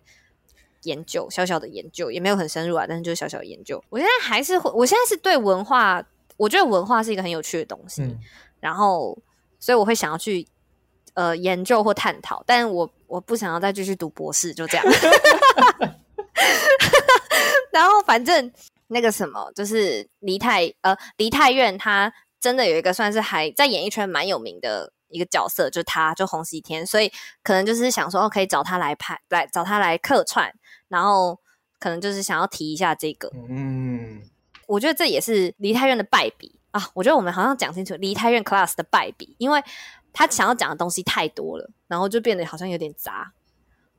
研究，小小的研究也沒有很深入啊，但是就是小小的研究。我現在還是會，我現在是對文化，我覺得文化是一個很有趣的東西，嗯、然後所以我會想要去呃研究或探討，但我我不想要再繼續讀博士，就這樣。 (laughs) (laughs) (laughs) 然後反正。那個什麼，就是梨泰呃梨泰院，他真的有一個算是還在演藝圈蠻有名的一個角色，就是他就洪熙天，所以可能就是想說哦，可以找他來拍，來找他來客串，然後可能就是想要提一下這個。嗯，我覺得這也是梨泰院的敗筆啊，我覺得我們好像講清楚梨泰院 class 的敗筆，因為他想要講的東西太多了，然後就變得好像有點雜。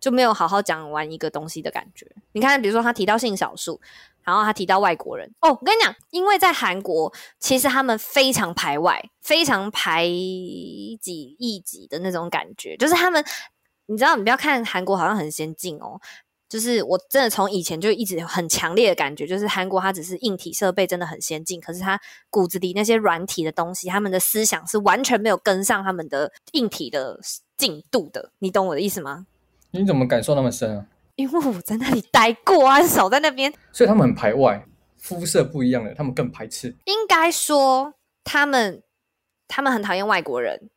就沒有好好講完一個東西的感覺。你看，比如說他提到性少數，然後他提到外國人。哦，我跟你講，因為在韓國，其實他們非常排外，非常排擠異己的那種感覺。就是他們，你知道，你不要看韓國好像很先進哦。就是我真的從以前就一直有很強烈的感覺，就是韓國它只是硬體設備真的很先進，可是它骨子裡那些軟體的東西，他們的思想是完全沒有跟上他們的硬體的進度的。你懂我的意思嗎？你怎麼感受那麼深啊？因為我在那裡待過、啊，守在那邊，所以他們很排外，膚色不一樣的，他們更排斥。應該說，他們他們很討厭外國人。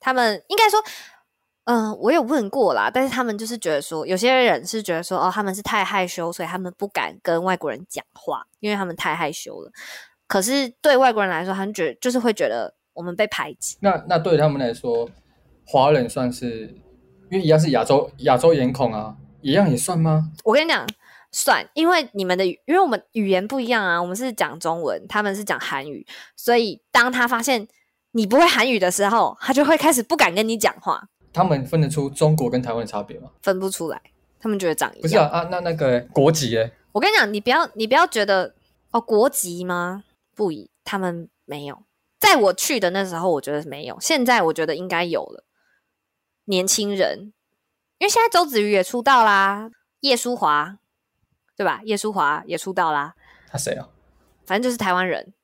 他們應該說，嗯、呃，我有問過啦，但是他們就是覺得說，有些人是覺得說，哦、呃，他們是太害羞，所以他們不敢跟外國人講話，因為他們太害羞了。可是對外國人來說，他們覺就是會覺得我們被排擠。那那對於他們來說，華人算是？因為一樣是亞洲亞洲臉孔啊，一樣也算嗎？我跟你講，算，因為你們的語，因為我們語言不一樣啊，我們是講中文，他們是講韓語，所以當他發現你不會韓語的時候，他就會開始不敢跟你講話。他們分得出中國跟台灣的差別嗎？分不出來，他們覺得長一樣。不是啊，啊那那個國籍欸，我跟你講，你不要你不要覺得哦，國籍嗎？不以，他們沒有，在我去的那時候，我覺得沒有，現在我覺得應該有了。年輕人，因為現在周子瑜也出道啦，葉舒華，對吧？葉舒華也出道啦。他誰啊？反正就是台灣人，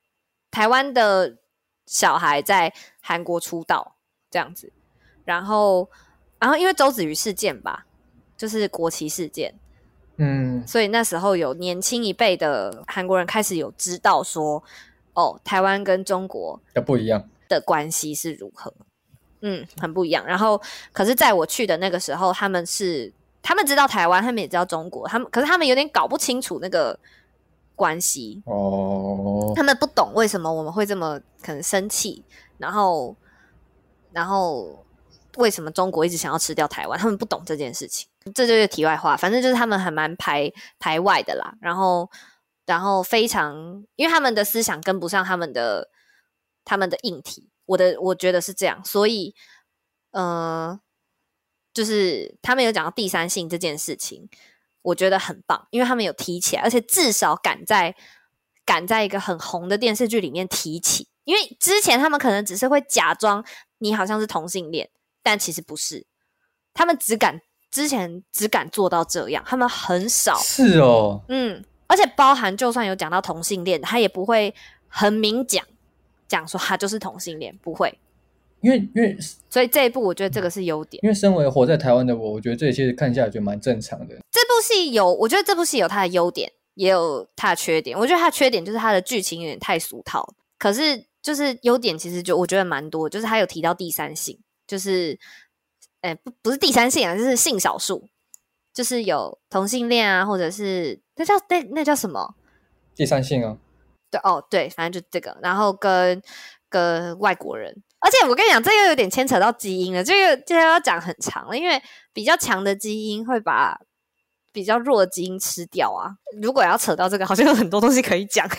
台灣的小孩在韓國出道這樣子。然後，然後因為周子瑜事件吧，就是國旗事件，嗯，所以那時候有年輕一輩的韓國人開始有知道說，哦，台灣跟中國的不一樣的關係是如何。嗯，很不一樣。然後，可是在我去的那個時候，他們是他們知道台灣，他們也知道中國，他們可是他們有點搞不清楚那個關係哦。他們不懂為什麼我們會這麼可能生氣，然後，然後為什麼中國一直想要吃掉台灣，他們不懂這件事情。這就是題外話，反正就是他們還蠻排排外的啦。然後，然後非常因為他們的思想跟不上他們的他們的硬體。我的我覺得是這樣，所以，呃，就是他們有講到第三性這件事情，我覺得很棒，因為他們有提起來，而且至少敢在敢在一個很紅的電視劇裡面提起，因為之前他們可能只是會假裝你好像是同性戀，但其實不是，他們只敢之前只敢做到這樣，他們很少。是哦。嗯，而且包含就算有講到同性戀，他也不會很明講。講說他就是同性戀，不會，因為因為所以這一部我覺得這個是優點，因為身為活在台灣的我，我覺得這其實看下來就蠻正常的。這部戲有，我覺得這部戲有它的優點，也有它的缺點。我覺得它的缺點就是它的劇情有點太俗套，可是就是優點其實就我覺得蠻多，就是它有提到第三性，就是，哎、欸，不不是第三性啊，就是性少數，就是有同性戀啊，或者是那叫那那叫什麼？第三性啊。哦，對，反正就這個，然後跟跟外國人，而且我跟你講，這又、個、有點牽扯到基因了，這個接下來要講很長了，因為比較強的基因會把比較弱的基因吃掉啊。如果要扯到這個，好像有很多東西可以講。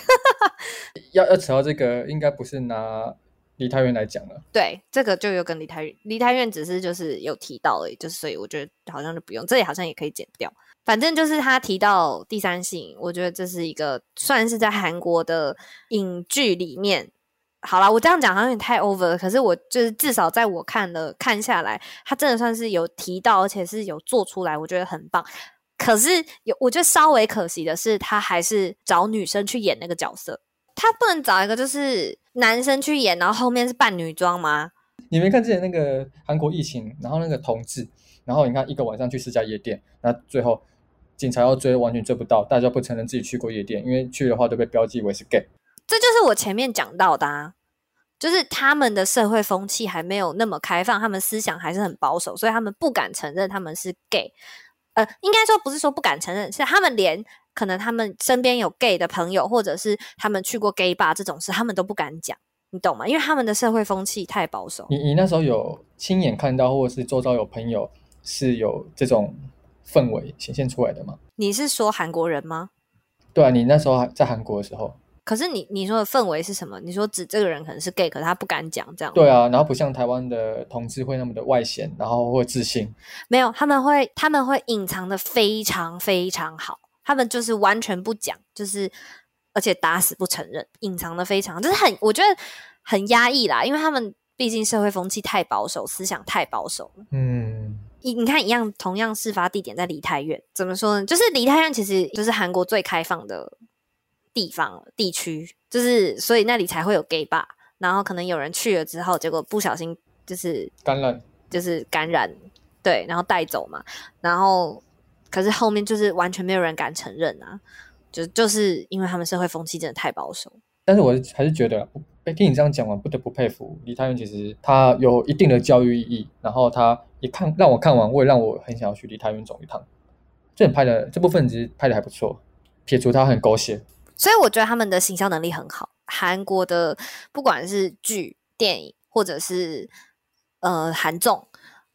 (laughs) 要要扯到這個，應該不是拿梨泰院來講了。對，這個就有跟梨泰梨泰院只是就是有提到而已，就是所以我覺得好像就不用，這裡好像也可以剪掉。反正就是他提到第三性，我覺得這是一個算是在韓國的影劇裡面，好啦，我這樣講好像有點太 over，可是我就是至少在我看了看下來，他真的算是有提到，而且是有做出來，我覺得很棒。可是有我覺得稍微可惜的是，他還是找女生去演那個角色，他不能找一個就是男生去演，然後後面是扮女裝嗎？你沒看見那個韓國疫情，然後那個同志，然後你看一個晚上去四家夜店，那最後。警察要追，完全追不到。大家不承認自己去過夜店，因為去的話都被標記為是 gay。這就是我前面講到的啊，就是他們的社會風氣還沒有那麼開放，他們思想還是很保守，所以他們不敢承認他們是 gay。呃，應該說不是說不敢承認，是他們連可能他們身邊有 gay 的朋友，或者是他們去過 gay bar 這種事，他們都不敢講。你懂嗎？因為他們的社會風氣太保守。你你那時候有親眼看到，或者是周遭有朋友是有這種？氛圍顯現出來的嗎？你是說韓國人嗎？對啊，你那時候在韓國的時候。可是你你說的氛圍是什麼？你說指這個人可能是 gay，可是他不敢講這樣。對啊，然後不像台灣的同志會那麼的外顯，然後會自信。沒有，他們會他們會隱藏的非常非常好，他們就是完全不講，就是而且打死不承認，隱藏的非常好，就是很，我覺得很壓抑啦，因為他們畢竟社會風氣太保守，思想太保守。嗯。你你看一樣，同樣事發地點在梨泰院，怎麼說呢？就是梨泰院，其實就是韓國最開放的地方地區，就是所以那裡才會有 gay bar，然後可能有人去了之後，結果不小心就是感染，就是感染，對，然後帶走嘛，然後可是後面就是完全沒有人敢承認啊，就就是因為他們社會風氣真的太保守，但是我還是覺得。哎，聽你這樣講完，不得不佩服。梨泰院其實他有一定的教育意義，然後他一看讓我看完，我也讓我很想要去梨泰院走一趟。這很拍的這部分其實拍的還不錯，撇除他很狗血。所以我覺得他們的行銷能力很好。韓國的不管是劇、電影，或者是呃韓綜，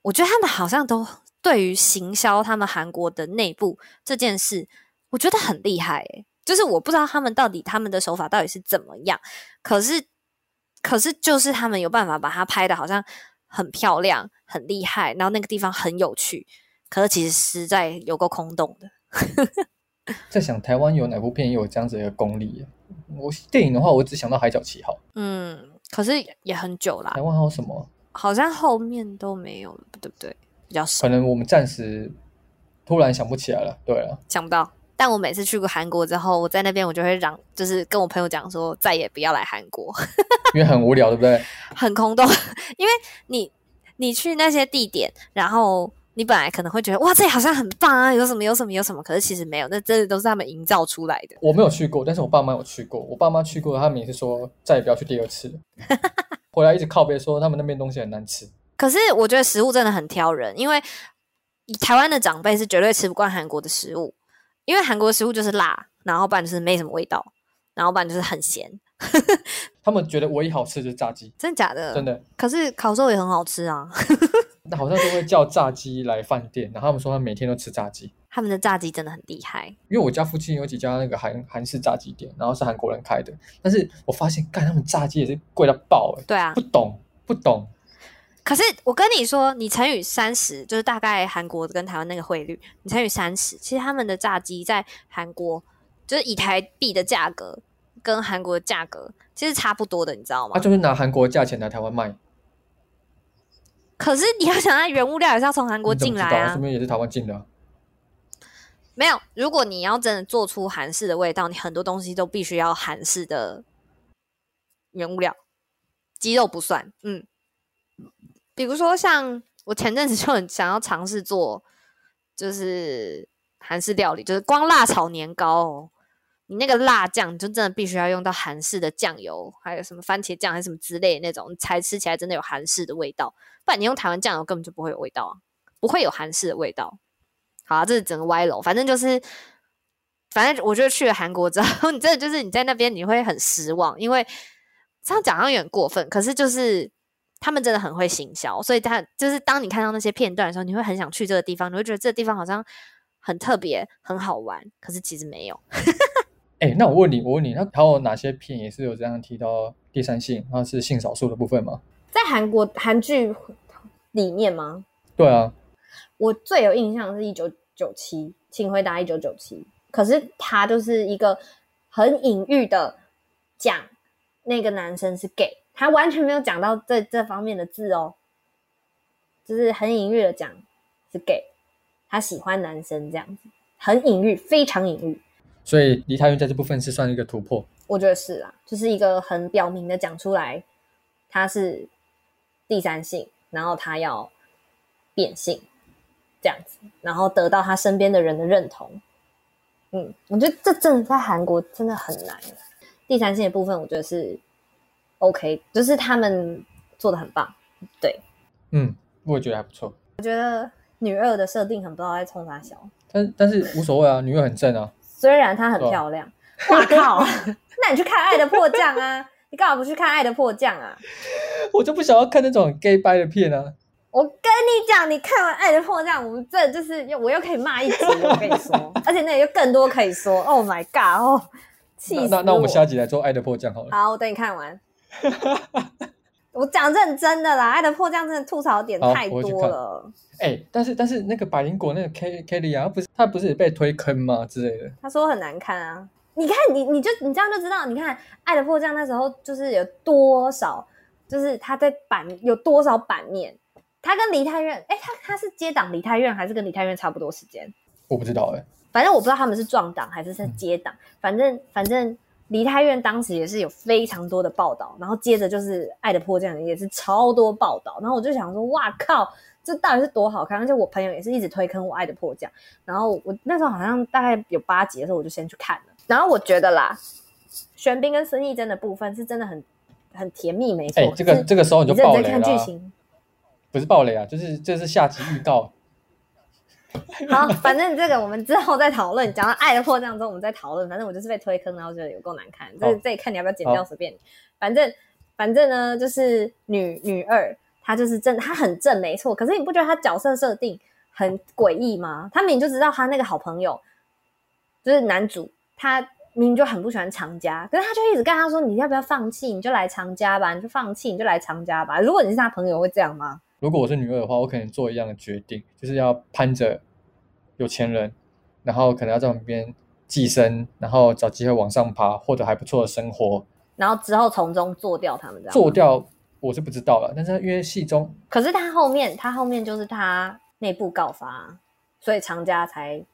我覺得他們好像都對於行銷他們韓國的內部這件事，我覺得很厲害、欸。就是我不知道他們到底他們的手法到底是怎麼樣，可是。可是，就是他們有辦法把它拍得好像很漂亮，很厲害，然後那個地方很有趣。可是，其實實在有夠空洞的。 (laughs) 在想台灣有哪部片有這樣子的一個功力？我電影的話，我只想到《海角七號》。嗯，可是也很久啦。台灣還有什麼？好像後面都沒有了，對不對？比較少。可能我們暫時突然想不起來了。對了，想不到。但我每次去過韓國之後，我在那邊我就會嚷，就是跟我朋友講說，再也不要來韓國。 (laughs) 因為很無聊，對不對？很空洞，因為你你去那些地點，然後你本來可能會覺得哇，這裡好像很棒啊，有什麼有什麼有什麼，可是其實沒有，那真的都是他們營造出來的。我沒有去過，但是我爸媽有去過，我爸媽去過，他們也是說再也不要去第二次， (laughs) 回來一直靠北說他們那邊東西很難吃。可是我覺得食物真的很挑人，因為台灣的長輩是絕對吃不慣韓國的食物。因為韓國食物就是辣，然後不然就是沒什麼味道，然後不然就是很鹹。 (laughs) 他們覺得唯一好吃的就是炸雞，真的假的？真的。可是烤肉也很好吃啊。 (laughs) 那好像都會叫炸雞來飯店，然後他們說他們每天都吃炸雞。他們的炸雞真的很厲害。因為我家附近有幾家那個韓韓式炸雞店，然後是韓國人開的，但是我發現，幹他們炸雞也是貴到爆欸。對啊，不懂，不懂。可是我跟你說，你乘以三十，就是大概韓國跟台灣那個匯率。你乘以三十，其實他們的炸雞在韓國，就是以台幣的價格跟韓國的價格其實差不多的，你知道嗎？他、啊、就是拿韓國的價錢來台灣賣。可是你要想，在原物料也是要從韓國進來啊。什麼、啊、邊也是台灣進的？沒有，如果你要真的做出韓式的味道，你很多東西都必須要韓式的原物料。雞肉不算，嗯。比如說，像我前陣子就很想要嘗試做，就是韓式料理，就是光辣炒年糕，你那個辣醬就真的必須要用到韓式的醬油，還有什麼番茄醬，還是什麼之類的那種，你才吃起來真的有韓式的味道。不然你用台灣醬油根本就不會有味道啊，不會有韓式的味道。好啊，這是整個歪樓。反正就是，反正我覺得去了韓國之後，你真的就是你在那邊你會很失望，因為這樣講好像有點過分，可是就是。他們真的很會行銷，所以他就是當你看到那些片段的時候，你會很想去這個地方，你會覺得這個地方好像很特別、很好玩，可是其實沒有。哎、 (laughs) 欸，那我問你，我問你，那還有哪些片也是有這樣提到第三性，或是性少數的部分嗎？在韓國韓劇裡面嗎？對啊，我最有印象是一九九七，請回答一九九七。可是它就是一個很隱喻的講那個男生是 gay。他完全沒有講到這這方面的字哦，就是很隱喻的講是 gay，他喜歡男生這樣子，很隱喻，非常隱喻。所以梨泰院在這部分是算一個突破，我覺得是啊，就是一個很表明的講出來，他是第三性，然後他要變性這樣子，然後得到他身邊的人的認同。嗯，我覺得這真的在韓國真的很難啊。第三性的部分我覺得是。OK，就是他們做得很棒，對，嗯，我也覺得還不錯。我覺得女二的設定很不知道在衝啥小，但是但是無所謂啊，女二很正啊。雖然她很漂亮，我、啊、 (laughs) 靠，那你去看《愛的迫降》啊， (laughs) 你幹嘛不去看《愛的迫降》啊？我就不想要看那種很 gay 掰的片啊。我跟你講，你看完《愛的迫降》，我們這就是我又可以罵一集，我跟你說， (laughs) 而且那裡又更多可以說，Oh my god，哦，氣死。那那，那我們下集來做《愛的迫降》好了。好，我等你看完。 (laughs) (laughs) 我講認真的啦，愛的迫降真的吐槽點太多了。哎、啊欸，但是但是那個百靈果那個 K Kelly 啊，不是他不是，他不是也被推坑嗎之類的？他說很難看啊。你看你你就你這樣就知道，你看愛的迫降那時候就是有多少，就是他在版有多少版面，他跟梨泰院，哎、欸，他他是接檔梨泰院還是跟梨泰院差不多時間？我不知道哎、欸，反正我不知道他們是撞檔還是在接檔，嗯，反正反正。梨泰院當時也是有非常多的報道，然後接着就是《愛的迫降》也是超多報道，然後我就想說，哇靠，這到底是多好看！而且我朋友也是一直推坑我《愛的迫降》，然後我那時候好像大概有八集的時候，我就先去看了，然後我覺得啦，玄彬跟孫藝珍的部分是真的很很甜蜜，沒錯。欸、這個這個時候你就爆雷了，不是爆雷啊，就是這是下集預告。 (laughs) (laughs) 好，反正這個我們之後再討論。講到愛的破綻之後，我們再討論。反正我就是被推坑，然後覺得有夠難看。就是這一看，你要不要剪掉隨便。Oh. Oh. 反正反正呢，就是女女二，她就是正，她很正，沒錯。可是你不覺得她角色設定很詭異嗎？她明明就知道她那個好朋友，就是男主，他明明就很不喜歡長家，可是她就一直跟他說：“你要不要放棄？你就來長家吧，你就放棄，你就來長家吧。”如果你是他朋友，會這樣嗎？如果我是女二的話，我可能做一樣的決定，就是要攀着有錢人，然後可能要在旁邊寄生，然後找機會往上爬，獲得還不錯的生活，然後之後從中做掉他們這樣。做掉我是不知道了，但是因為戲中，可是他後面，他後面就是他內部告發，所以長家才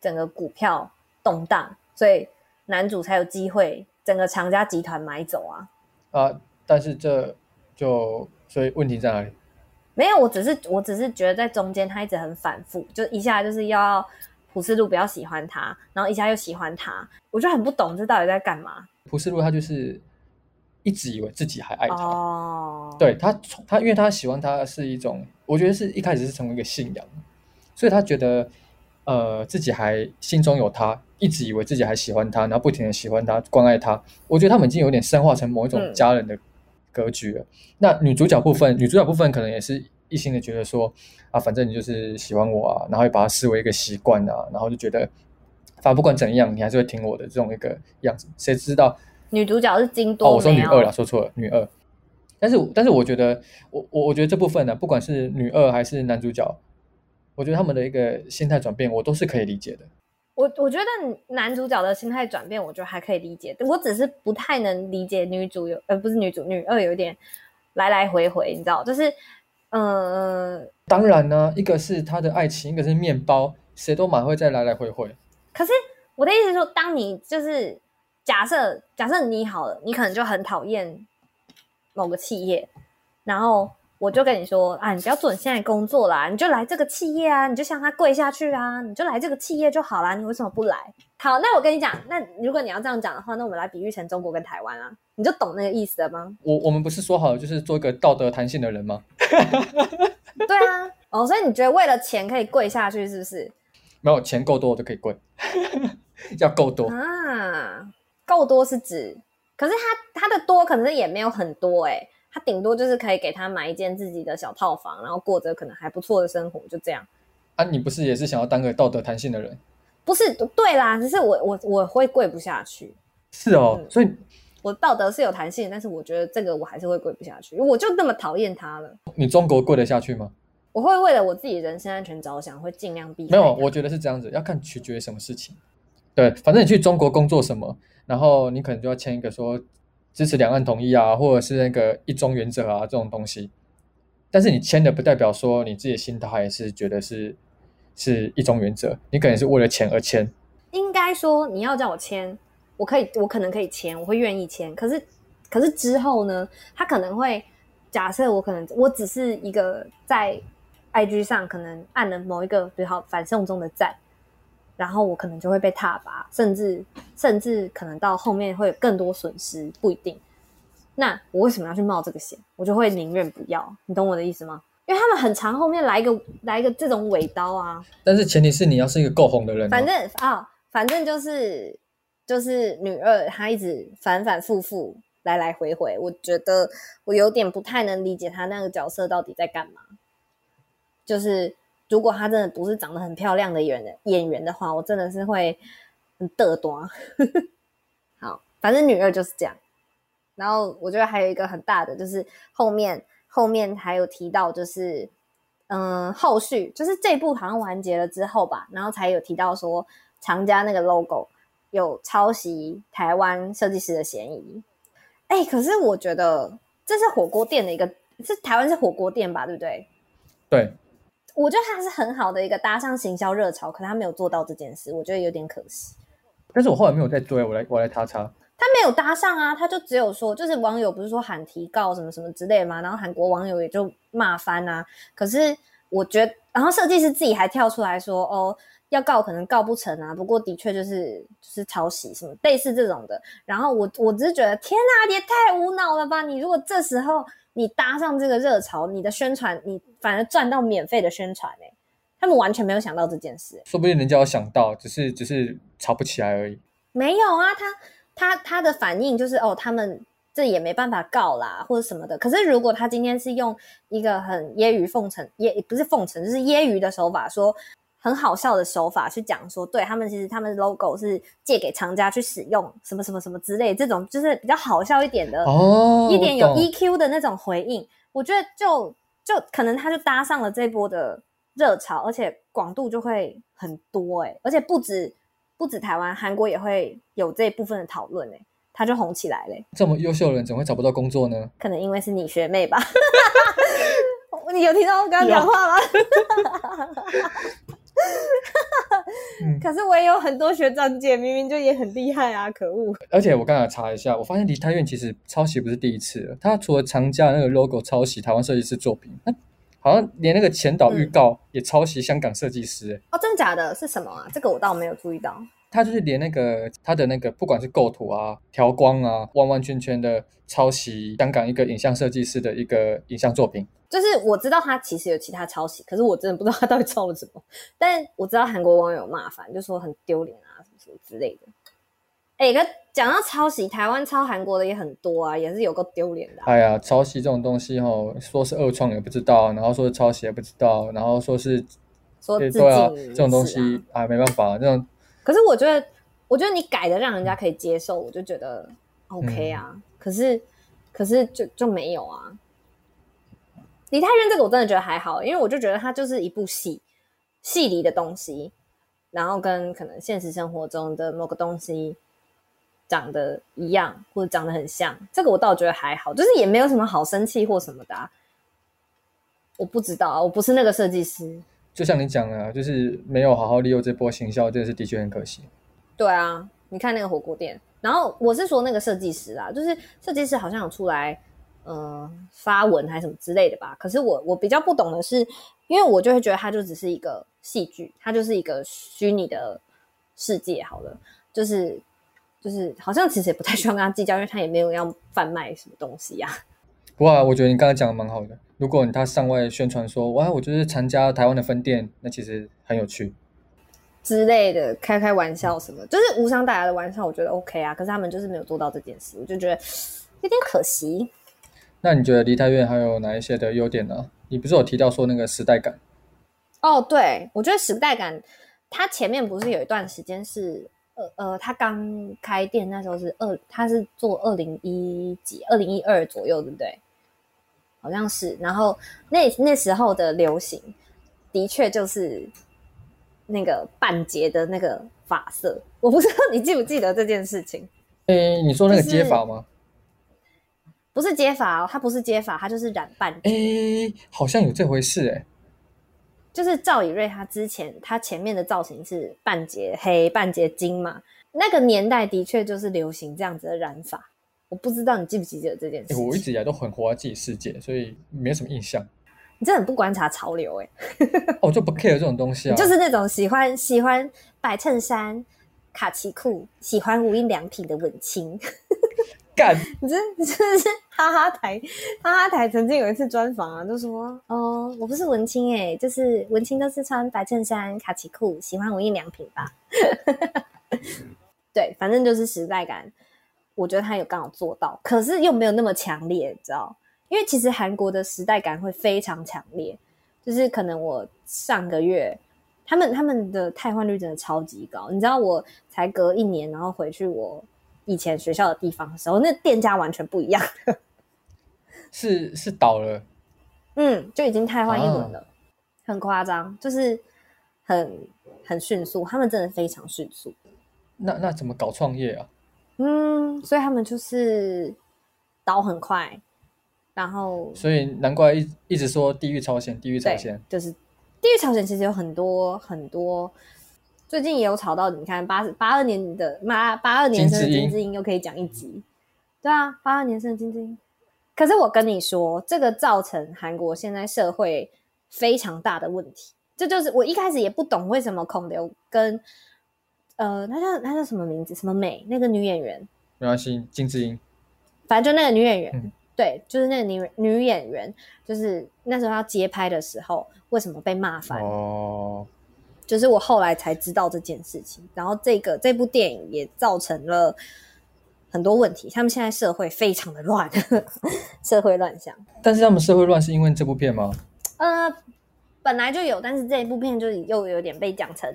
整個股票動盪，所以男主才有機會整個長家集團買走啊啊！但是這就，所以問題在哪裡？沒有，我只是我只是覺得在中間，他一直很反覆，就一下就是要朴世路不要喜歡他，然後一下又喜歡他，我就很不懂這到底在幹嘛。朴世路他就是一直以為自己還愛他，哦、對他從他因為他喜歡他是一種，我覺得是一開始是成為一個信仰，所以他覺得呃自己還心中有他，一直以為自己還喜歡他，然後不停的喜歡他關愛他，我覺得他們已經有點深化成某一種家人的、嗯。格局了，那女主角部分，女主角部分可能也是一心的覺得說，啊，反正你就是喜歡我啊，然後也把它視為一個習慣啊，然後就覺得，反正不管怎樣，你還是會聽我的這種一個樣子。誰知道女主角是金多？哦，我說女二了，說錯了，女二。但是，但是我覺得，我我我覺得這部分呢、啊，不管是女二還是男主角，我覺得他們的一個心態轉變，我都是可以理解的。我我覺得男主角的心態轉變，我覺得還可以理解，我只是不太能理解女主有，呃，不是女主，女二有點來來回回，你知道，就是，嗯、呃，當然呢、啊，一個是他的愛情，一個是麵包，誰都蠻會再來來回回。可是我的意思是說，當你就是假設假設你好了，你可能就很討厭某個企業，然後。我就跟你說啊，你不要做你現在工作啦、啊，你就來這個企業啊，你就向他跪下去啊，你就來這個企業就好啦。你為什麼不來？好，那我跟你講，那如果你要這樣講的話，那我們來比喻成中國跟台灣啊，你就懂那個意思了嗎？我我們不是說好了，就是做一個道德彈性的人嗎？ (laughs) 對啊，哦，所以你覺得為了錢可以跪下去，是不是？沒有錢夠多就可以跪， (laughs) 要夠多啊？夠多是指，可是他他的多可能也沒有很多哎、欸。他頂多就是可以給他買一間自己的小套房，然後過着可能還不錯的生活，就這樣。啊，你不是也是想要當個道德彈性的人？不是，對啦，只是我我我會跪不下去。是哦、喔嗯，所以我道德是有彈性，但是我覺得這個我還是會跪不下去，我就那麼討厭他了。你中國跪得下去嗎？我會為了我自己人身安全着想，會儘量避免。沒有，我覺得是這樣子，要看取決什麼事情。對，反正你去中國工作什麼，然後你可能就要簽一個說。支持兩岸統一啊，或者是那個一中原則啊，這種東西。但是你簽的不代表說你自己的心態是覺得是是一中原則，你可能是為了錢而簽。應該說你要叫我簽，我可以，我可能可以簽，我會願意簽。可是，可是之後呢？他可能會假設我可能我只是一個在 IG 上可能按了某一個最好反送中的讚。然後我可能就會被撻伐，甚至甚至可能到後面會有更多損失，不一定。那我為什麼要去冒這個險？我就會寧願不要，你懂我的意思嗎？因為他們很常，後面來一個來一個這種尾刀啊。但是前提是你要是一個夠紅的人，哦。反正啊、哦，反正就是就是女二，她一直反反复覆來來回回，我覺得我有點不太能理解她那個角色到底在幹嘛，就是。如果他真的不是長得很漂亮的演員演員的話，我真的是會很嘚多。 (laughs) 好，反正女二就是這樣。然後我覺得還有一個很大的，就是後面後面還有提到，就是嗯、呃，後續就是這部好像完結了之後吧，然後才有提到說，長家那個 logo 有抄襲台灣設計師的嫌疑。哎，可是我覺得這是火鍋店的一個，是台灣是火鍋店吧，對不對？對。我覺得他是很好的一個搭上行銷熱潮，可他沒有做到這件事，我覺得有點可惜。但是我後來沒有再追，我來我來查查。他沒有搭上啊，他就只有說，就是網友不是說喊提告什麼什麼之類嘛，然後韓國網友也就罵翻啊。可是我覺得，然後設計師自己還跳出來說，哦，要告可能告不成啊。不過的確就是、就是抄襲什麼類似這種的。然後我我只是覺得，天吶、啊，你也太無腦了吧！你如果這時候你搭上這個熱潮，你的宣傳你。反而賺到免費的宣傳呢，欸，他們完全沒有想到這件事。說不定人家有想到，只是只是吵不起來而已。沒有啊，他他他的反應就是哦，他們這也沒辦法告啦，或者什麼的。可是如果他今天是用一個很揶揄奉承，也不是奉承，就是揶揄的手法說，說很好笑的手法去講說，對，他們其實他們的 logo 是借給廠家去使用，什麼什麼什麼之類，這種就是比較好笑一點的，哦，一點有 EQ 的那種回應，我，我覺得就。就可能他就搭上了這波的熱潮，而且廣度就會很多哎，欸，而且不止不止台灣，韓國也會有這一部分的討論，欸，他就紅起來了，欸。這麼優秀的人，怎麼會找不到工作呢？可能因為是你學妹吧。 (laughs) (laughs) (laughs) 你有聽到我剛剛講話嗎？No. (laughs) (laughs) (laughs) 可是我也有很多學長姐，嗯、明明就也很厲害啊！可惡！而且我剛才查一下，我發現梨泰院其實抄襲不是第一次了。他除了常加那個 logo 抄襲台灣設計師作品，好像連那個前導預告也抄襲香港設計師，欸嗯。哦，真的假的？是什麼啊？這個我倒沒有注意到。他就是連那個他的那個，不管是構圖啊、調光啊，完完全全的抄襲香港一個影像設計師的一個影像作品。就是我知道他其實有其他抄襲，可是我真的不知道他到底抄了什麼。但我知道韓國網友罵反，就說很丟臉啊什麼什麼之類的。誒、欸、可講到抄襲，台灣抄韓國的也很多啊，也是有夠丟臉的，啊。哎呀，抄襲這種東西，哦，說是二創也不知道，然後說是抄襲也不知道，然後說是說致敬，啊欸啊、這種東西哎，啊，沒辦法，這種。可是我覺得，我覺得你改的讓人家可以接受，我就覺得 OK 啊。嗯、可是，可是就就沒有啊。梨泰院這個我真的覺得還好，因為我就覺得它就是一部戲，戲裡的東西，然後跟可能現實生活中的某個東西長得一樣，或者長得很像，這個我倒覺得還好，就是也沒有什麼好生氣或什麼的、啊。我不知道，啊，我不是那個設計師。就像你講的啊，就是沒有好好利用這波行銷，這個是的確很可惜。對啊，你看那個火鍋店，然後我是說那個設計師啊，就是設計師好像有出來。呃、嗯，發文還是什麼之類的吧。可是我我比較不懂的是，因為我就會覺得它就只是一個戲劇，它就是一個虛擬的世界。好了，就是就是，好像其實也不太需要跟他計較，因為他也沒有要販賣什麼東西呀、啊。不過啊，我覺得你剛才講的蠻好的。如果你他上外宣傳說，哇，我就是參加台灣的分店，那其實很有趣之類的，開開玩笑什麼，就是無傷大雅的玩笑，我覺得 OK 啊。可是他們就是沒有做到這件事，我就覺得有點可惜。那你覺得梨泰院還有哪一些的優點呢、啊？你不是有提到說那個時代感？哦，對，我覺得時代感，它前面不是有一段時間是，呃呃，它剛開店那時候是二，它是做二零一幾，二零一二左右，對不對？好像是，然後那那時候的流行，的確就是那個半截的那個髮色，我不知道你記不記得這件事情。誒，你說那個接髮嗎？不是接髮哦，它不是接髮，它就是染半截。哎、欸，好像有這回事哎、欸。就是趙以瑞，他之前他前面的造型是半截黑半截金嘛，那個年代的確就是流行這樣子的染法。我不知道你記不記得這件事、欸。我一直以來都很活在自己世界，所以沒什麼印象。你真的很不觀察潮流哎、欸。我、 (laughs) oh, 就不 care 這種東西啊，就是那種喜歡喜歡白襯衫、卡其褲、喜歡無印良品的文青。 (laughs) 幹，你這、你這是，是 (laughs) 哈哈台，哈哈台曾經有一次專訪啊，就說哦，我不是文青哎、欸，就是文青都是穿白襯衫、卡其褲，喜歡無印良品吧？ (laughs) (laughs) (laughs) (laughs) 對，反正就是時代感，我覺得他有剛好做到，可是又沒有那麼強烈，你知道？因為其實韓國的時代感會非常強烈，就是可能我上個月，他們他們的汰換率真的超級高，你知道？我才隔一年，然後回去我。以前學校的地方的時候，那店家完全不一樣。 (laughs) 是是倒了，嗯，就已經汰換一輪了，啊、很誇張，就是很很迅速。他們真的非常迅速。那那怎麼搞創業啊？嗯，所以他們就是倒很快，然後所以難怪一一直說地獄朝鮮，地獄朝鮮，就是地獄朝鮮其實有很多很多。最近也有吵到，你看八十八二年的八八二年生的金智英又可以講一集，對啊，八二年生的金智英。可是我跟你說，這個造成韓國現在社會非常大的問題。這就是我一開始也不懂為什麼孔劉跟呃，他叫他叫什麼名字？什麼美那個女演員？沒關係，金智英。反正就那個女演員，嗯、對，就是那個女女演員，就是那時候要接拍的時候，為什麼被罵翻？哦就是我後來才知道這件事情，然後這個這部電影也造成了很多問題，他們現在社會非常的亂，呵呵，社會亂象。但是他們社會亂是因為這部片嗎？呃，本來就有，但是這一部片就又有點被講成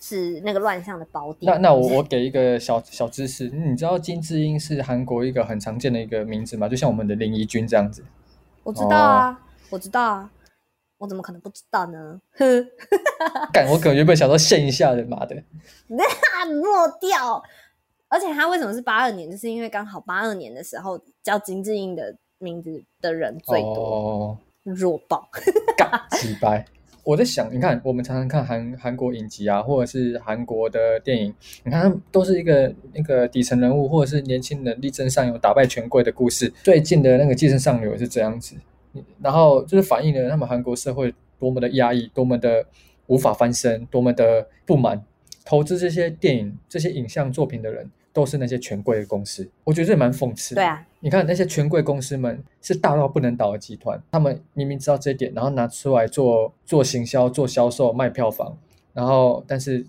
是那個亂象的導因。那那我我給一個小小知識，你知道金智英是韓國一個很常見的一個名字嗎？就像我們的林怡君這樣子。我知道啊，哦、我知道啊。我怎麼可能不知道呢？幹！ (laughs) 我可能原本想說，線下的媽的，那 (laughs) 弱掉。而且他為什麼是八二年？就是因為剛好八二年的時候叫金智英的名字的人最多。弱爆，哦、幹、雞掰！ (laughs) 我在想，你看，我們常常看韓韓國影集啊，或者是韓國的電影，你看，他都是一個那個底層人物，或者是年輕人力爭上游，打敗權貴的故事。最近的那個《寄生上流》是這樣子。然後就是反映了他們韓國社會多麼的壓抑，多麼的無法翻身，多麼的不滿。投資這些電影、這些影像作品的人，都是那些權貴的公司。我覺得這蠻諷刺的。對啊，你看那些權貴公司們是大到不能倒的集團，他們明明知道這一點，然後拿出來做做行銷、做銷售、賣票房，然後但是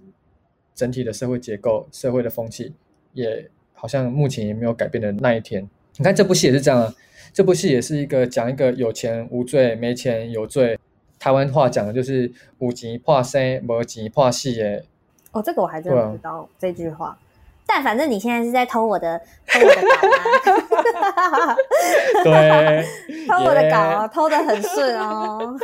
整體的社會結構、社會的風氣也好像目前也沒有改變的那一天。你看這部戲也是這樣啊。這部戲也是一個講一個有錢無罪，沒錢有罪。台灣話講的就是“有錢怕生，沒錢怕死”耶。哦，這個我還真不知道這句話。但反正你現在是在偷我的， (laughs) 偷，我的稿啊、 (laughs) 對 (laughs) 偷我的稿，對、yeah.，偷我的稿偷得很順哦。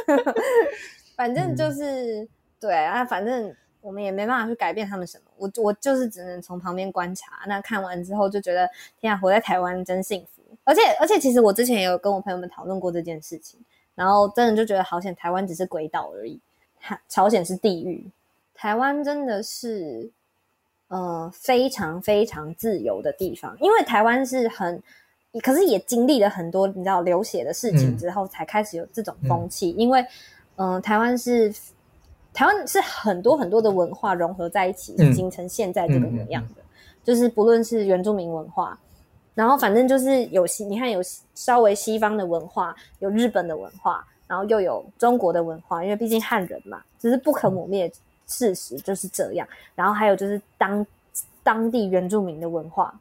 (laughs) 反正就是、嗯、對啊，反正我們也沒辦法去改變他們什麼。我我就是只能從旁邊觀察。那看完之後就覺得，天啊，活在台灣真幸福。而且而且，而且其實我之前也有跟我朋友們討論過這件事情，然後真的就覺得，好險，台灣只是鬼島而已，朝鮮是地獄，台灣真的是呃非常非常自由的地方，因為台灣是很，可是也經歷了很多你知道流血的事情之後，才開始有這種風氣、嗯，因為嗯、呃，台灣是台灣是很多很多的文化融合在一起，形成現在這個模樣的、嗯，就是不論是原住民文化。然後反正就是有西，你看有稍微西方的文化，有日本的文化，然後又有中國的文化，因為畢竟漢人嘛，只是不可磨滅事實就是這樣。然後還有就是當當地原住民的文化，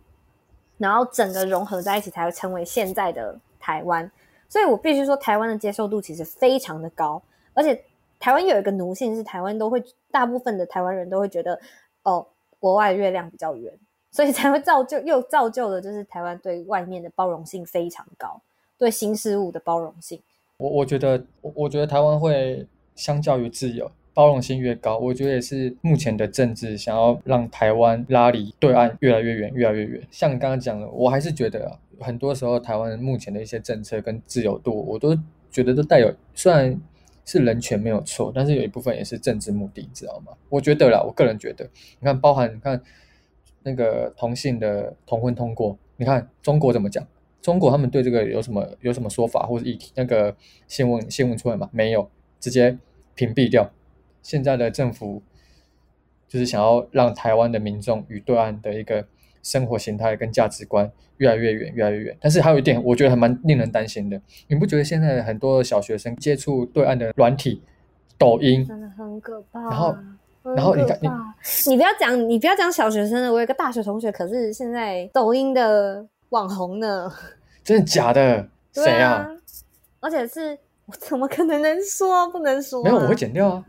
然後整個融合在一起，才會成為現在的台灣。所以我必須說，台灣的接受度其實非常的高，而且台灣有一個奴性，是台灣都會，大部分的台灣人都會覺得，哦，國外的月亮比較圓。所以才會造就，又造就的，就是台灣對外面的包容性非常高，對新事物的包容性。我我覺得，我我覺得台灣會相較於自由包容性越高，我覺得也是目前的政治想要讓台灣拉離對岸越來越遠，越來越遠。像你剛剛講的，我還是覺得、啊、很多時候台灣目前的一些政策跟自由度，我都覺得都帶有，雖然是人權沒有錯，但是有一部分也是政治目的，你知道嗎？我覺得啦，我個人覺得，你看，包含你看。那個同性的同婚通過，你看中國怎麼講？中國他們對這個有什麼有什麼說法或者議題？那個新聞新聞出來嗎？沒有，直接屏蔽掉。現在的政府就是想要讓台灣的民眾與對岸的一個生活形態跟價值觀越來越遠，越來越遠。但是還有一點，我覺得還蠻令人擔心的。你不覺得現在很多小學生接觸對岸的軟體，抖音真的很可怕，然後。然後你你你不要講你不要講小學生了，我有個大學同學，可是現在抖音的網紅呢，真的假的？ (laughs) 啊誰啊？而且是我怎麼可能能說不能說？沒有，我會剪掉啊。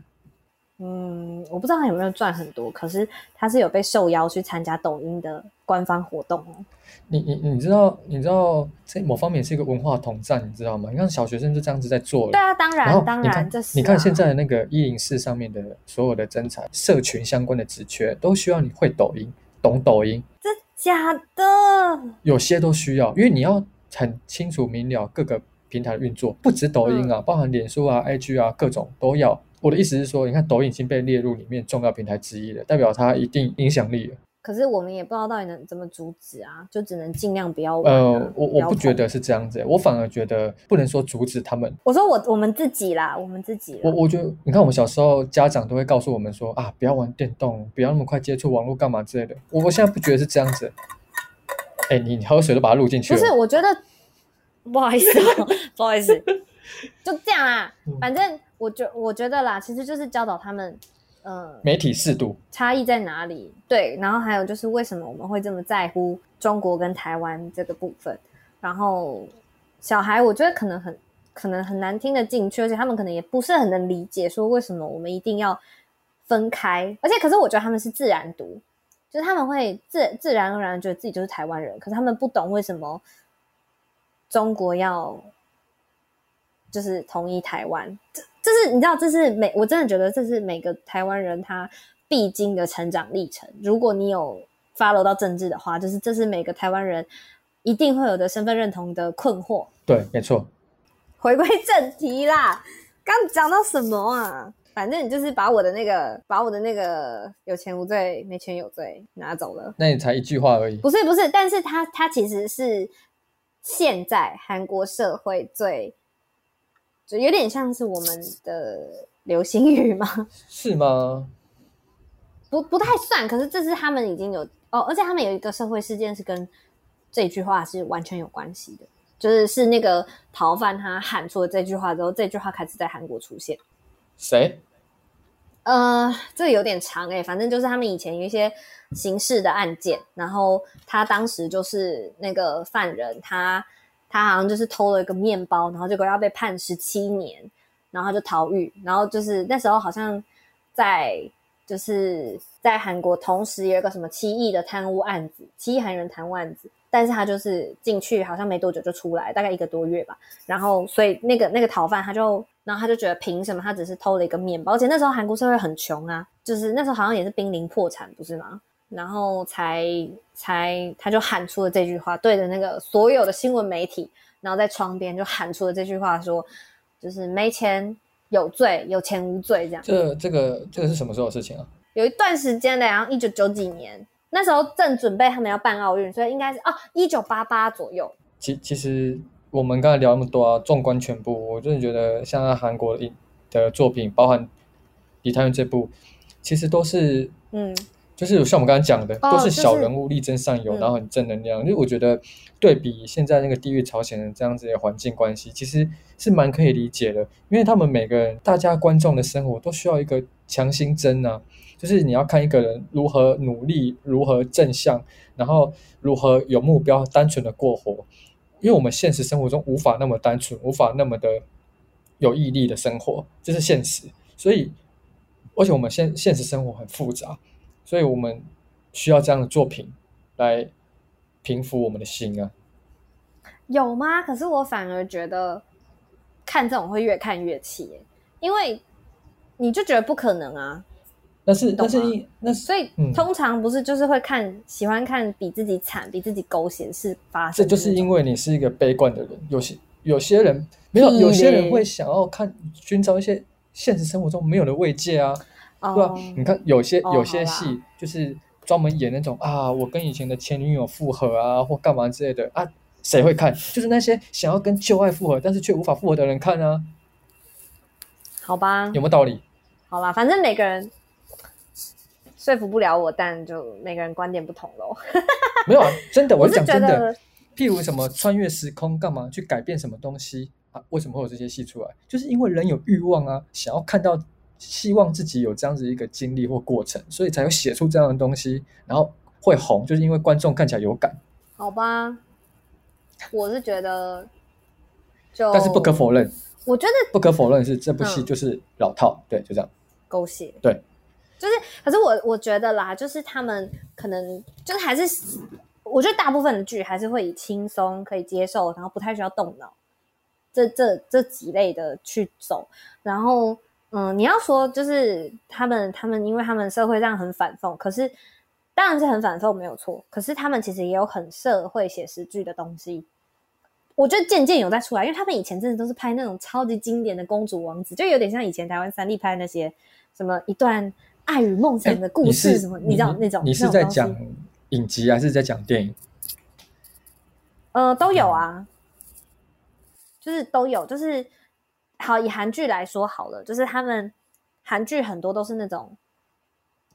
嗯，我不知道他有沒有賺很多，可是他是有被受邀去參加抖音的官方活動哦。你你你知道你知道在某方面是一個文化統戰，你知道嗎？你看小學生就這樣子在做了，對啊，當然,然當然，你看、啊、你看現在的那個一零四上面的所有的徵才社群相關的職缺，都需要你會抖音，懂抖音，真假的？有些都需要，因為你要很清楚明了各個平台的運作，不止抖音啊，嗯、包含臉書啊、IG 啊，各種都要。我的意思是說，你看抖音已經被列入裡面重要平台之一了，代表它一定影響力了。可是我們也不知道到底能怎麼阻止啊，就只能盡量不要玩、啊。呃，我我不覺得是這樣子、嗯，我反而覺得不能說阻止他們。我說我我們自己啦，我們自己。我我覺得，你看我們小時候家長都會告訴我們說啊，不要玩電動，不要那麼快接觸網絡，幹嘛之類的。我我現在不覺得是這樣子。哎、 (laughs) 欸，你你喝水都把它錄進去了。不是，我覺得不好意思、喔， (laughs) 不好意思，就這樣啊， (laughs) 反正。我覺我覺得啦，其實就是教導他們，嗯、呃，媒體制度差異在哪裡？對，然後還有就是為什麼我們會這麼在乎中國跟台灣這個部分？然後小孩，我覺得可能很可能很難聽得進去，而且他們可能也不是很能理解說為什麼我們一定要分開。而且可是我覺得他們是自然讀，就是他們會自自然而然地覺得自己就是台灣人，可是他們不懂為什麼中國要就是統一台灣。就是你知道，這是每我真的覺得這是每個台灣人他必經的成長歷程。如果你有 follow 到政治的話，就是這是每個台灣人一定會有的身份認同的困惑。對，沒錯。回歸正題啦，剛講到什麼啊？反正你就是把我的那個，把我的那個有錢無罪，沒錢有罪拿走了。那你才一句話而已。不是不是，但是他他其實是現在韓國社會最。就有點像是我們的流行語嗎？是嗎？不，不太算。可是這是他們已經有哦，而且他們有一個社會事件是跟這句話是完全有關係的，就是是那個逃犯他喊出了這句話之後，這句話開始在韓國出現。誰？呃，這有點長哎、欸，反正就是他們以前有一些刑事的案件，然後他當時就是那個犯人他。他好像就是偷了一個麵包，然後結果要被判十七年，然後他就逃獄，然後就是那時候好像在就是在韓國同時有一個什麼七億的貪污案子，七億韓元貪污案子，但是他就是進去好像沒多久就出來，大概一個多月吧，然後所以那個那個逃犯他就，然後他就覺得憑什麼他只是偷了一個麵包，而且那時候韓國社會很窮啊，就是那時候好像也是瀕臨破產，不是嗎？然後才才，他就喊出了這句話，對着那個所有的新聞媒體，然後在窗邊就喊出了這句話，說：“就是沒錢有罪，有錢無罪。”這樣。這這個這個是什麼時候的事情啊？有一段時間的，然後一九九幾年那時候正準備他們要辦奧運，所以應該是哦，一九八八左右。其其實我們剛才聊那麼多啊，縱觀全部，我真的覺得像韓國的作品，包含《梨泰院》這部，其實都是嗯。就是像我剛剛講的，都是小人物力爭上游，啊，就是、然後很正能量。因、就、為、是、我覺得對比現在那個地獄朝鮮人這樣子的環境關係，其實是蠻可以理解的。因為他們每個人，大家觀眾的生活都需要一個強心針啊。就是你要看一個人如何努力，如何正向，然後如何有目標，單純的過活。因為我們現實生活中無法那麼單純，無法那麼的有毅力的生活，這、就是現實。所以，而且我們現現實生活很複雜。所以我們需要這樣的作品來平復我們的心啊。有嗎？可是我反而覺得看這種會越看越氣、欸，因為你就覺得不可能啊。但是，但是，是，那所以通常不是就是會看、嗯、喜歡看比自己慘、比自己狗血的事發生的。這就是因為你是一個悲觀的人。有些有些人沒有，有些人會想要看尋找一些現實生活中沒有的慰藉啊。Oh, 對啊，你看有些有些戲就是專門演那種、oh, 啊，啊，我跟以前的前女友復合啊，或幹嘛之類的啊，誰會看？就是那些想要跟舊愛復合但是卻無法復合的人看啊。好吧。有沒有道理？好吧，反正每個人說服不了我，但就每個人觀點不同咯。 (laughs) 沒有啊，真的，我是講真的，是的。譬如什麼穿越時空幹嘛去改變什麼東西啊？為什麼會有這些戲出來？就是因為人有欲望啊，想要看到。希望自己有這樣子一個經歷或過程，所以才有寫出這樣的東西，然後會紅，就是因為觀眾看起來有感。好吧，我是覺得就，就但是不可否認，我覺得不可否認是這部戲就是老套、嗯，對，就這樣狗血，對，就是。可是我我覺得啦，就是他們可能就是還是，我覺得大部分的劇還是會以輕鬆可以接受，然後不太需要動腦，這這這幾類的去走，然後。嗯，你要說就是他們，他們因為他們社會上很反諷，可是當然是很反諷沒有錯，可是他們其實也有很社會寫實劇的東西。我覺得漸漸有在出來，因為他們以前真的都是拍那種超級經典的公主王子，就有點像以前台灣三立拍那些什麼一段愛與夢想的故事什麼，欸你你，你知道那種。你，你是在講影集還是在講電影？呃、嗯，都有啊，就是都有，就是。好，以韓劇來說好了，就是他們韓劇很多都是那種，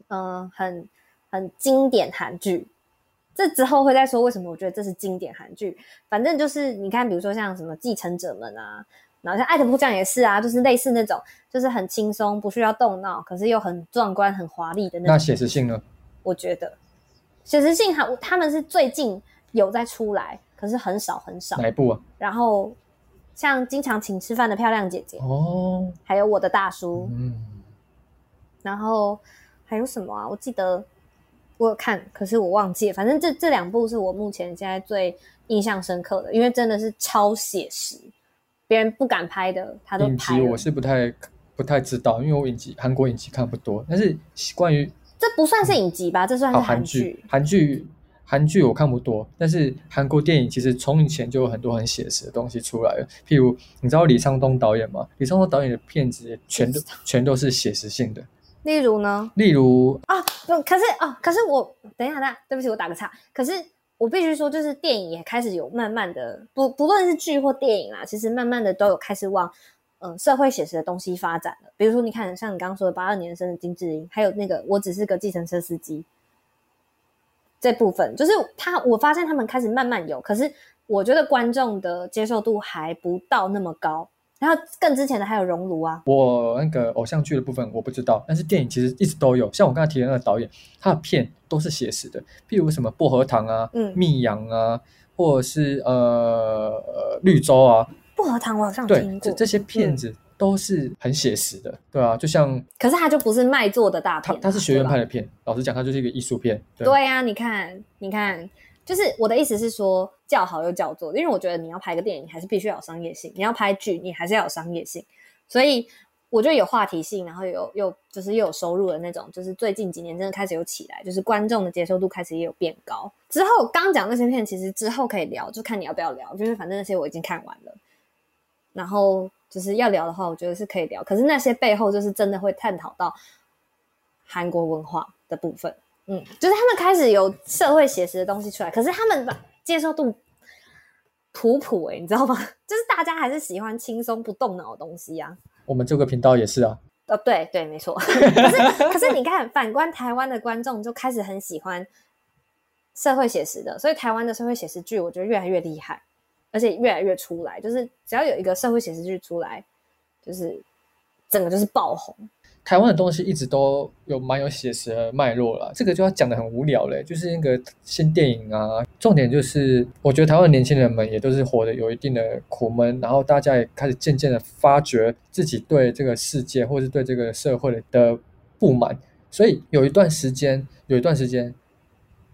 嗯、呃，很很經典韓劇。這之後會再說為什麼我覺得這是經典韓劇。反正就是你看，比如說像什麼《繼承者們》啊，然後像《愛的迫降》也是啊，就是類似那種，就是很輕鬆，不需要動腦，可是又很壯觀、很華麗的那種。那寫實性呢？我覺得寫實性還，他們是最近有在出來，可是很少很少哪一部啊？然後。像經常請吃飯的漂亮姐姐》哦，還有我的大叔》，嗯，然後還有什麼啊？我記得我有看，可是我忘記了。反正這這兩部是我目前現在最印象深刻的，因為真的是超寫實，別人不敢拍的，他都拍。影集我是不太不太知道，因為我影集韓國影集看不多，但是關於這不算是影集吧？這算是韓劇。哦，韓劇。韓劇。韓劇我看不多，但是韓國電影其實從以前就有很多很寫實的東西出來了。譬如，你知道李滄東導演嗎？李滄東導演的片子全都全都是寫實性的。例如呢？例如啊，可是啊，可是我等一下，等一下，對不起，我打個岔。可是我必須說，就是電影也開始有慢慢的不不論是劇或電影啦，其實慢慢的都有開始往，嗯，社會寫實的東西發展了。比如說你看，像你剛剛說的八二年生的金智英，還有那個我只是個計程車司機。這部分就是他，我發現他們開始慢慢有，可是我覺得觀眾的接受度還不到那麼高。然後更之前的還有熔爐啊，我那個偶像劇的部分我不知道，但是電影其實一直都有。像我剛才提的那個導演，他的片都是寫實的，譬如什麼薄荷糖啊、嗯、密陽啊，或者是呃綠洲啊。薄荷糖我好像聽過。對，這些片子。嗯都是很寫實的，對啊，就像可是它就不是賣座的大片，它是學院派的片。老實講，它就是一個藝術片，對。對啊，你看，你看，就是我的意思是說，叫好又叫座，因為我覺得你要拍個電影，還是必須要有商業性；你要拍劇，你還是要有商業性。所以我覺得有話題性，然後有又又就是又有收入的那種，就是最近幾年真的開始有起來，就是觀眾的接受度開始也有變高。之後剛講那些片，其實之後可以聊，就看你要不要聊。就是反正那些我已經看完了，然後。就是要聊的話，我覺得是可以聊。可是那些背後就是真的會探討到韓國文化的部分，嗯，就是他們開始有社會寫實的東西出來。可是他們接受度普普誒，你知道嗎？就是大家還是喜歡輕鬆不動腦的東西啊。我們這個頻道也是啊。呃、哦，對對，沒錯。可 (laughs) 是可是，可是你看，反觀台灣的觀眾就開始很喜歡社會寫實的，所以台灣的社會寫實劇，我覺得越來越厲害。而且越來越出來，就是只要有一個社會寫實劇出來，就是整個就是爆紅。台灣的東西一直都有蠻有寫實的脈絡了，這個就要講的很無聊嘞、欸，就是那個新電影啊。重點就是，我覺得台灣年輕人們也都是活得有一定的苦悶，然後大家也開始漸漸的發覺自己對這個世界或是對這個社會的不滿，所以有一段時間，有一段時間，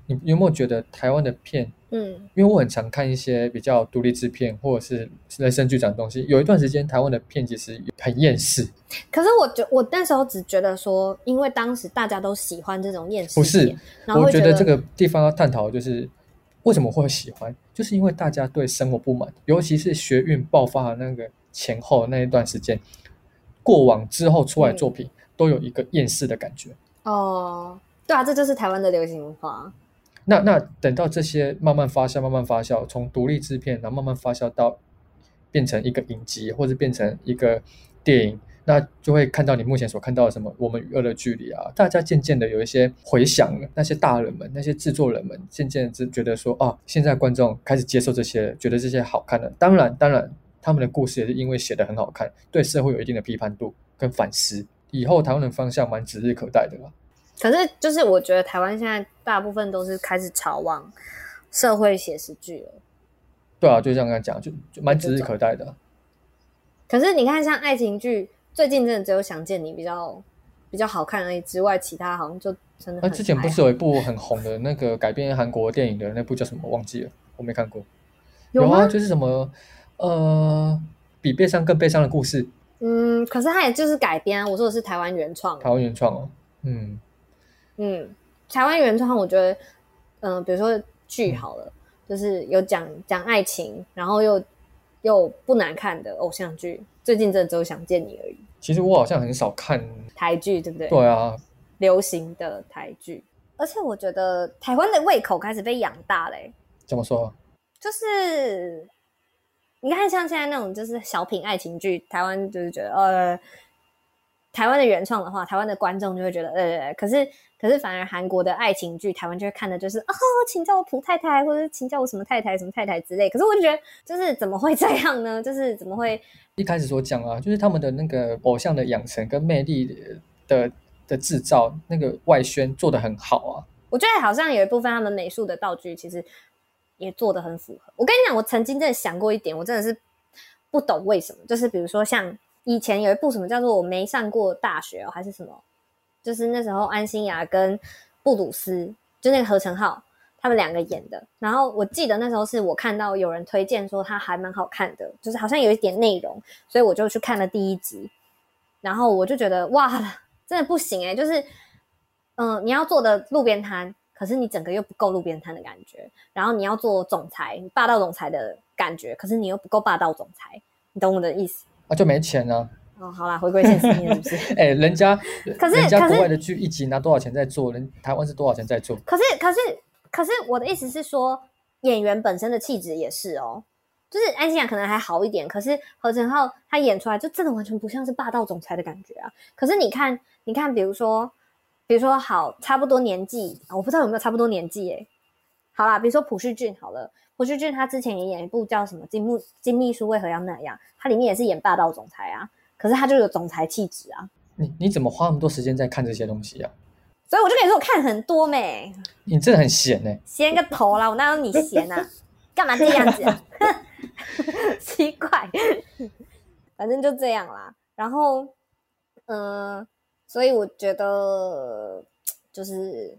你有沒有覺得台灣的片？嗯，因為我很常看一些比較獨立製片或者是人生劇展的東西。有一段時間，台灣的片其實很厭世。可是我覺我那時候只覺得說，因為當時大家都喜歡這種厭世片，不是，我覺得這個地方要探討就是為什麼會喜歡，就是因為大家對生活不滿，尤其是學運爆發的那個前後那一段時間，過往之後出來的作品、嗯、都有一個厭世的感覺。哦，對啊，這就是台灣的流行文化。那那等到這些慢慢發酵，慢慢發酵，從獨立製片，然後慢慢發酵到變成一個影集，或者變成一個電影，那就會看到你目前所看到的什麼，我們與惡的距離啊，大家漸漸的有一些回想了。那些大人們，那些製作人們，漸漸的覺得說，啊，現在觀眾開始接受這些，覺得這些好看的。當然，當然，他們的故事也是因為寫得很好看，對社會有一定的批判度跟反思。以後台灣的方向蠻指日可待的了、啊。可是，就是我覺得台灣現在大部分都是開始朝往社會寫實劇了。對啊，就這樣講，就蠻指日可待的、啊。可是你看，像愛情劇，最近真的只有《想見你》比較比較好看而已之外，其他好像就真的。啊、欸，之前不是有一部很紅的那個改編韓國電影的那部叫什麼？ (laughs) 我忘記了，我沒看過。有，有啊，就是什麼呃，比悲傷更悲傷的故事。嗯，可是它也就是改編、啊。我說的是台灣原創，台灣原創哦。嗯。嗯，台灣原創，我覺得，嗯、呃，比如說劇好了，嗯，就是有講講愛情，然後又又不難看的偶像劇，最近這周想見你而已。其實我好像很少看台劇，對不對？對啊，流行的台劇，而且我覺得台灣的胃口開始被養大嘞、欸。怎麼說？就是你看，像現在那種就是小品愛情劇，台灣就是覺得呃。台灣的原創的話，台灣的觀眾就會覺得，呃，可是可是反而韓國的愛情劇，台灣就會看的就是啊、哦，請叫我朴太太，或者請叫我什麼太太什麼太太之類。可是我就覺得，就是怎麼會這樣呢？就是怎麼會？一開始所講啊，就是他們的那個偶像的養成跟魅力的的制造，那個外宣做得很好啊。我覺得好像有一部分他們美術的道具其實也做得很符合。我跟你講，我曾經真的想過一點，我真的是不懂為什麼，就是比如說像。以前有一部什麼叫做《我沒上過大學》哦，還是什麼？就是那時候安心亞跟布魯斯，就那個何承浩，他們兩個演的。然後我記得那時候是我看到有人推薦說他還蠻好看的，就是好像有一點內容，所以我就去看了第一集。然後我就覺得哇，真的不行哎、欸！就是嗯、呃，你要做的路邊攤，可是你整個又不夠路邊攤的感覺；然後你要做總裁，霸道總裁的感覺，可是你又不夠霸道總裁。你懂我的意思？啊，就沒錢了、啊。哦，好啦，回歸現實了，是不是？哎、 (laughs) 欸，人家可是人家國外的劇一集拿多少錢在做，人台灣是多少錢在做？可是可是可是，我的意思是說，演員本身的氣質也是哦、喔，就是安心亞可能還好一點，可是何晨浩他演出來就真的完全不像是霸道總裁的感覺啊。可是你看，你看，比如說，比如說好，差不多年紀，我不知道有沒有差不多年紀哎、欸。好了，比如說朴敘俊，好了，朴敘俊他之前也演一部叫什麼《金秘金祕書》為何要那樣，他裡面也是演霸道總裁啊，可是他就有總裁氣質啊。你你怎麼花那麼多時間在看這些東西啊？所以我就跟你說，我看很多唄。你真的很閒呢、欸？閒個頭啦！我哪有你閒啊？ (laughs) 幹嘛這樣子、啊？ (laughs) 奇怪。 (laughs) 反正就這樣啦。然後，嗯、呃，所以我覺得就是。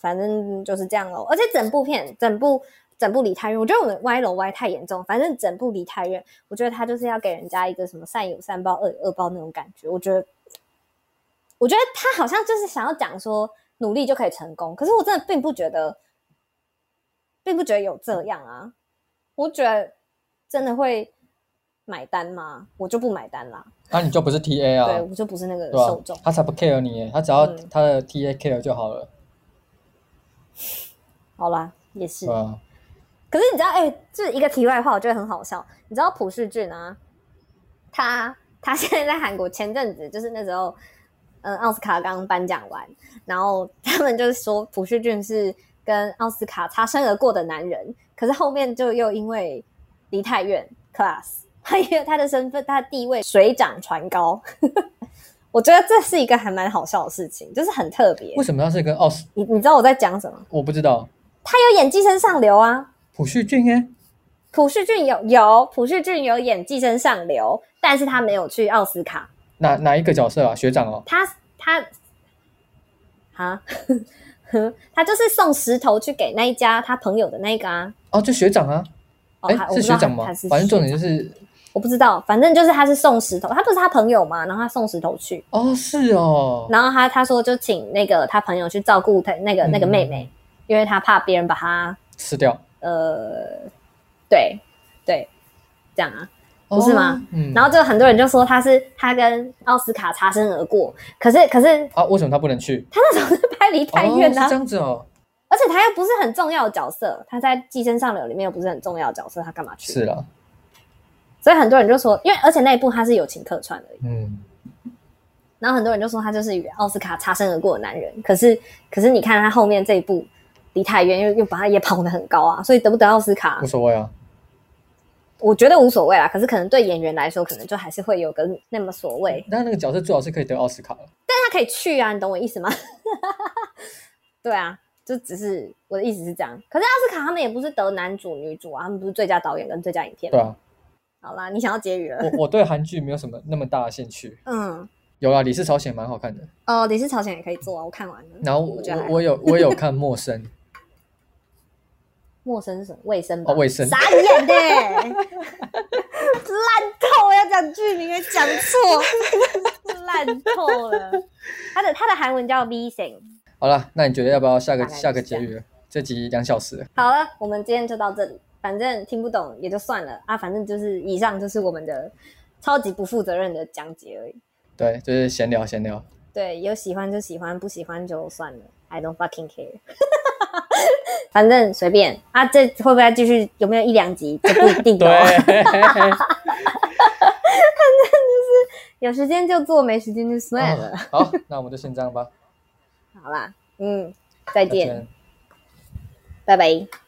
反正就是這樣咯，而且整部片、整部、整部梨泰院，我覺得我們歪樓歪太嚴重。反正整部梨泰院，我覺得他就是要給人家一個什麼善有善報、惡有惡報那種感覺。我覺得，我覺得他好像就是想要講說努力就可以成功，可是我真的並不覺得，並不覺得有這樣啊。我覺得真的會買單嗎？我就不買單啦。那、啊、你就不是 T A 啊？對，我就不是那個受眾、啊。他才不 care 你耶，他只要他的 T A care 就好了。嗯好啦，也是、啊。可是你知道，哎、欸，這一個題外話，我覺得很好笑。你知道朴世俊啊，他他現在在韓國，前陣子就是那時候，嗯，奧斯卡剛頒獎完，然後他們就是說朴世俊是跟奧斯卡擦身而過的男人，可是後面就又因為離太遠，class，他因為他的身份、他的地位水漲船高。 (laughs) 我覺得這是一個還蠻好笑的事情，就是很特別。為什麼他是一個奧斯卡？你你知道我在講什麼？我不知道。他有演《寄生上流》啊，朴敘俊耶。朴敘俊有有朴敘俊有演《寄生上流》，但是他沒有去奧斯卡。哪哪一個角色啊？學長哦，他他啊，哈 (laughs) 他就是送石頭去給那一家他朋友的那個啊。哦，就學長啊，哦他是學長嗎還是學長？反正重點就是。我不知道，反正就是他是送石頭，他不是他朋友嘛，然後他送石頭去哦。是哦。嗯、然後他他說就請那個他朋友去照顧他那個那個妹妹，嗯、因為他怕別人把他吃掉。呃，對對，這樣啊，哦、不是嗎、嗯？然後就很多人就說他是他跟奧斯卡擦身而過，可是可是啊，為什麼他不能去？他那時候是拍梨泰院啊，哦、這樣子哦。而且他又不是很重要的角色，他在《寄生上流》裡面又不是很重要的角色，他幹嘛去？是了、啊。所以很多人就說，因為而且那一部他是友情客串而已。嗯。然後很多人就說他就是與奧斯卡擦身而過的男人。可是，可是你看他後面這一部離太遠，又又把他也捧得很高啊。所以得不得奧斯卡無所謂啊。我覺得無所謂啊。可是可能對演員來說，可能就還是會有個那麼所謂。但那個角色最好是可以得奧斯卡，但是他可以去啊，你懂我意思嗎？ (laughs) 對啊，就只是我的意思是這樣。可是奧斯卡他們也不是得男主女主啊，他們不是最佳導演跟最佳影片嗎？對啊。好啦，你想要結語了。我我對韓劇沒有什麼那麼大的興趣。嗯，有啊，《李氏朝鮮》蠻好看的。哦、呃，《李氏朝鮮》也可以做啊，我看完了。然後我我，我有我有看《陌生》 (laughs) 《陌生》是什麼？是衛生吧？哦、衛生。傻眼的、欸，爛 (laughs) (laughs) 透了，我要講劇名你也講錯，爛 (laughs) 透了。它的它的韓文叫《Vising》。好了，那你覺得要不要下個下，下個結語？這集兩小時。好了，我們今天就到這裡。反正聽不懂也就算了啊，反正就是以上就是我們的超級不負責任的講解而已。對，就是閒聊閒聊。對，有喜歡就喜歡，不喜歡就算了。I don't fucking care， (laughs) 反正隨便啊。這會不會繼續？有沒有一兩集就不一定？對， (laughs) 反正就是有時間就做，沒時間就算了。了、哦、好，那我們就先這樣吧。好啦，嗯，再見，拜拜。Bye bye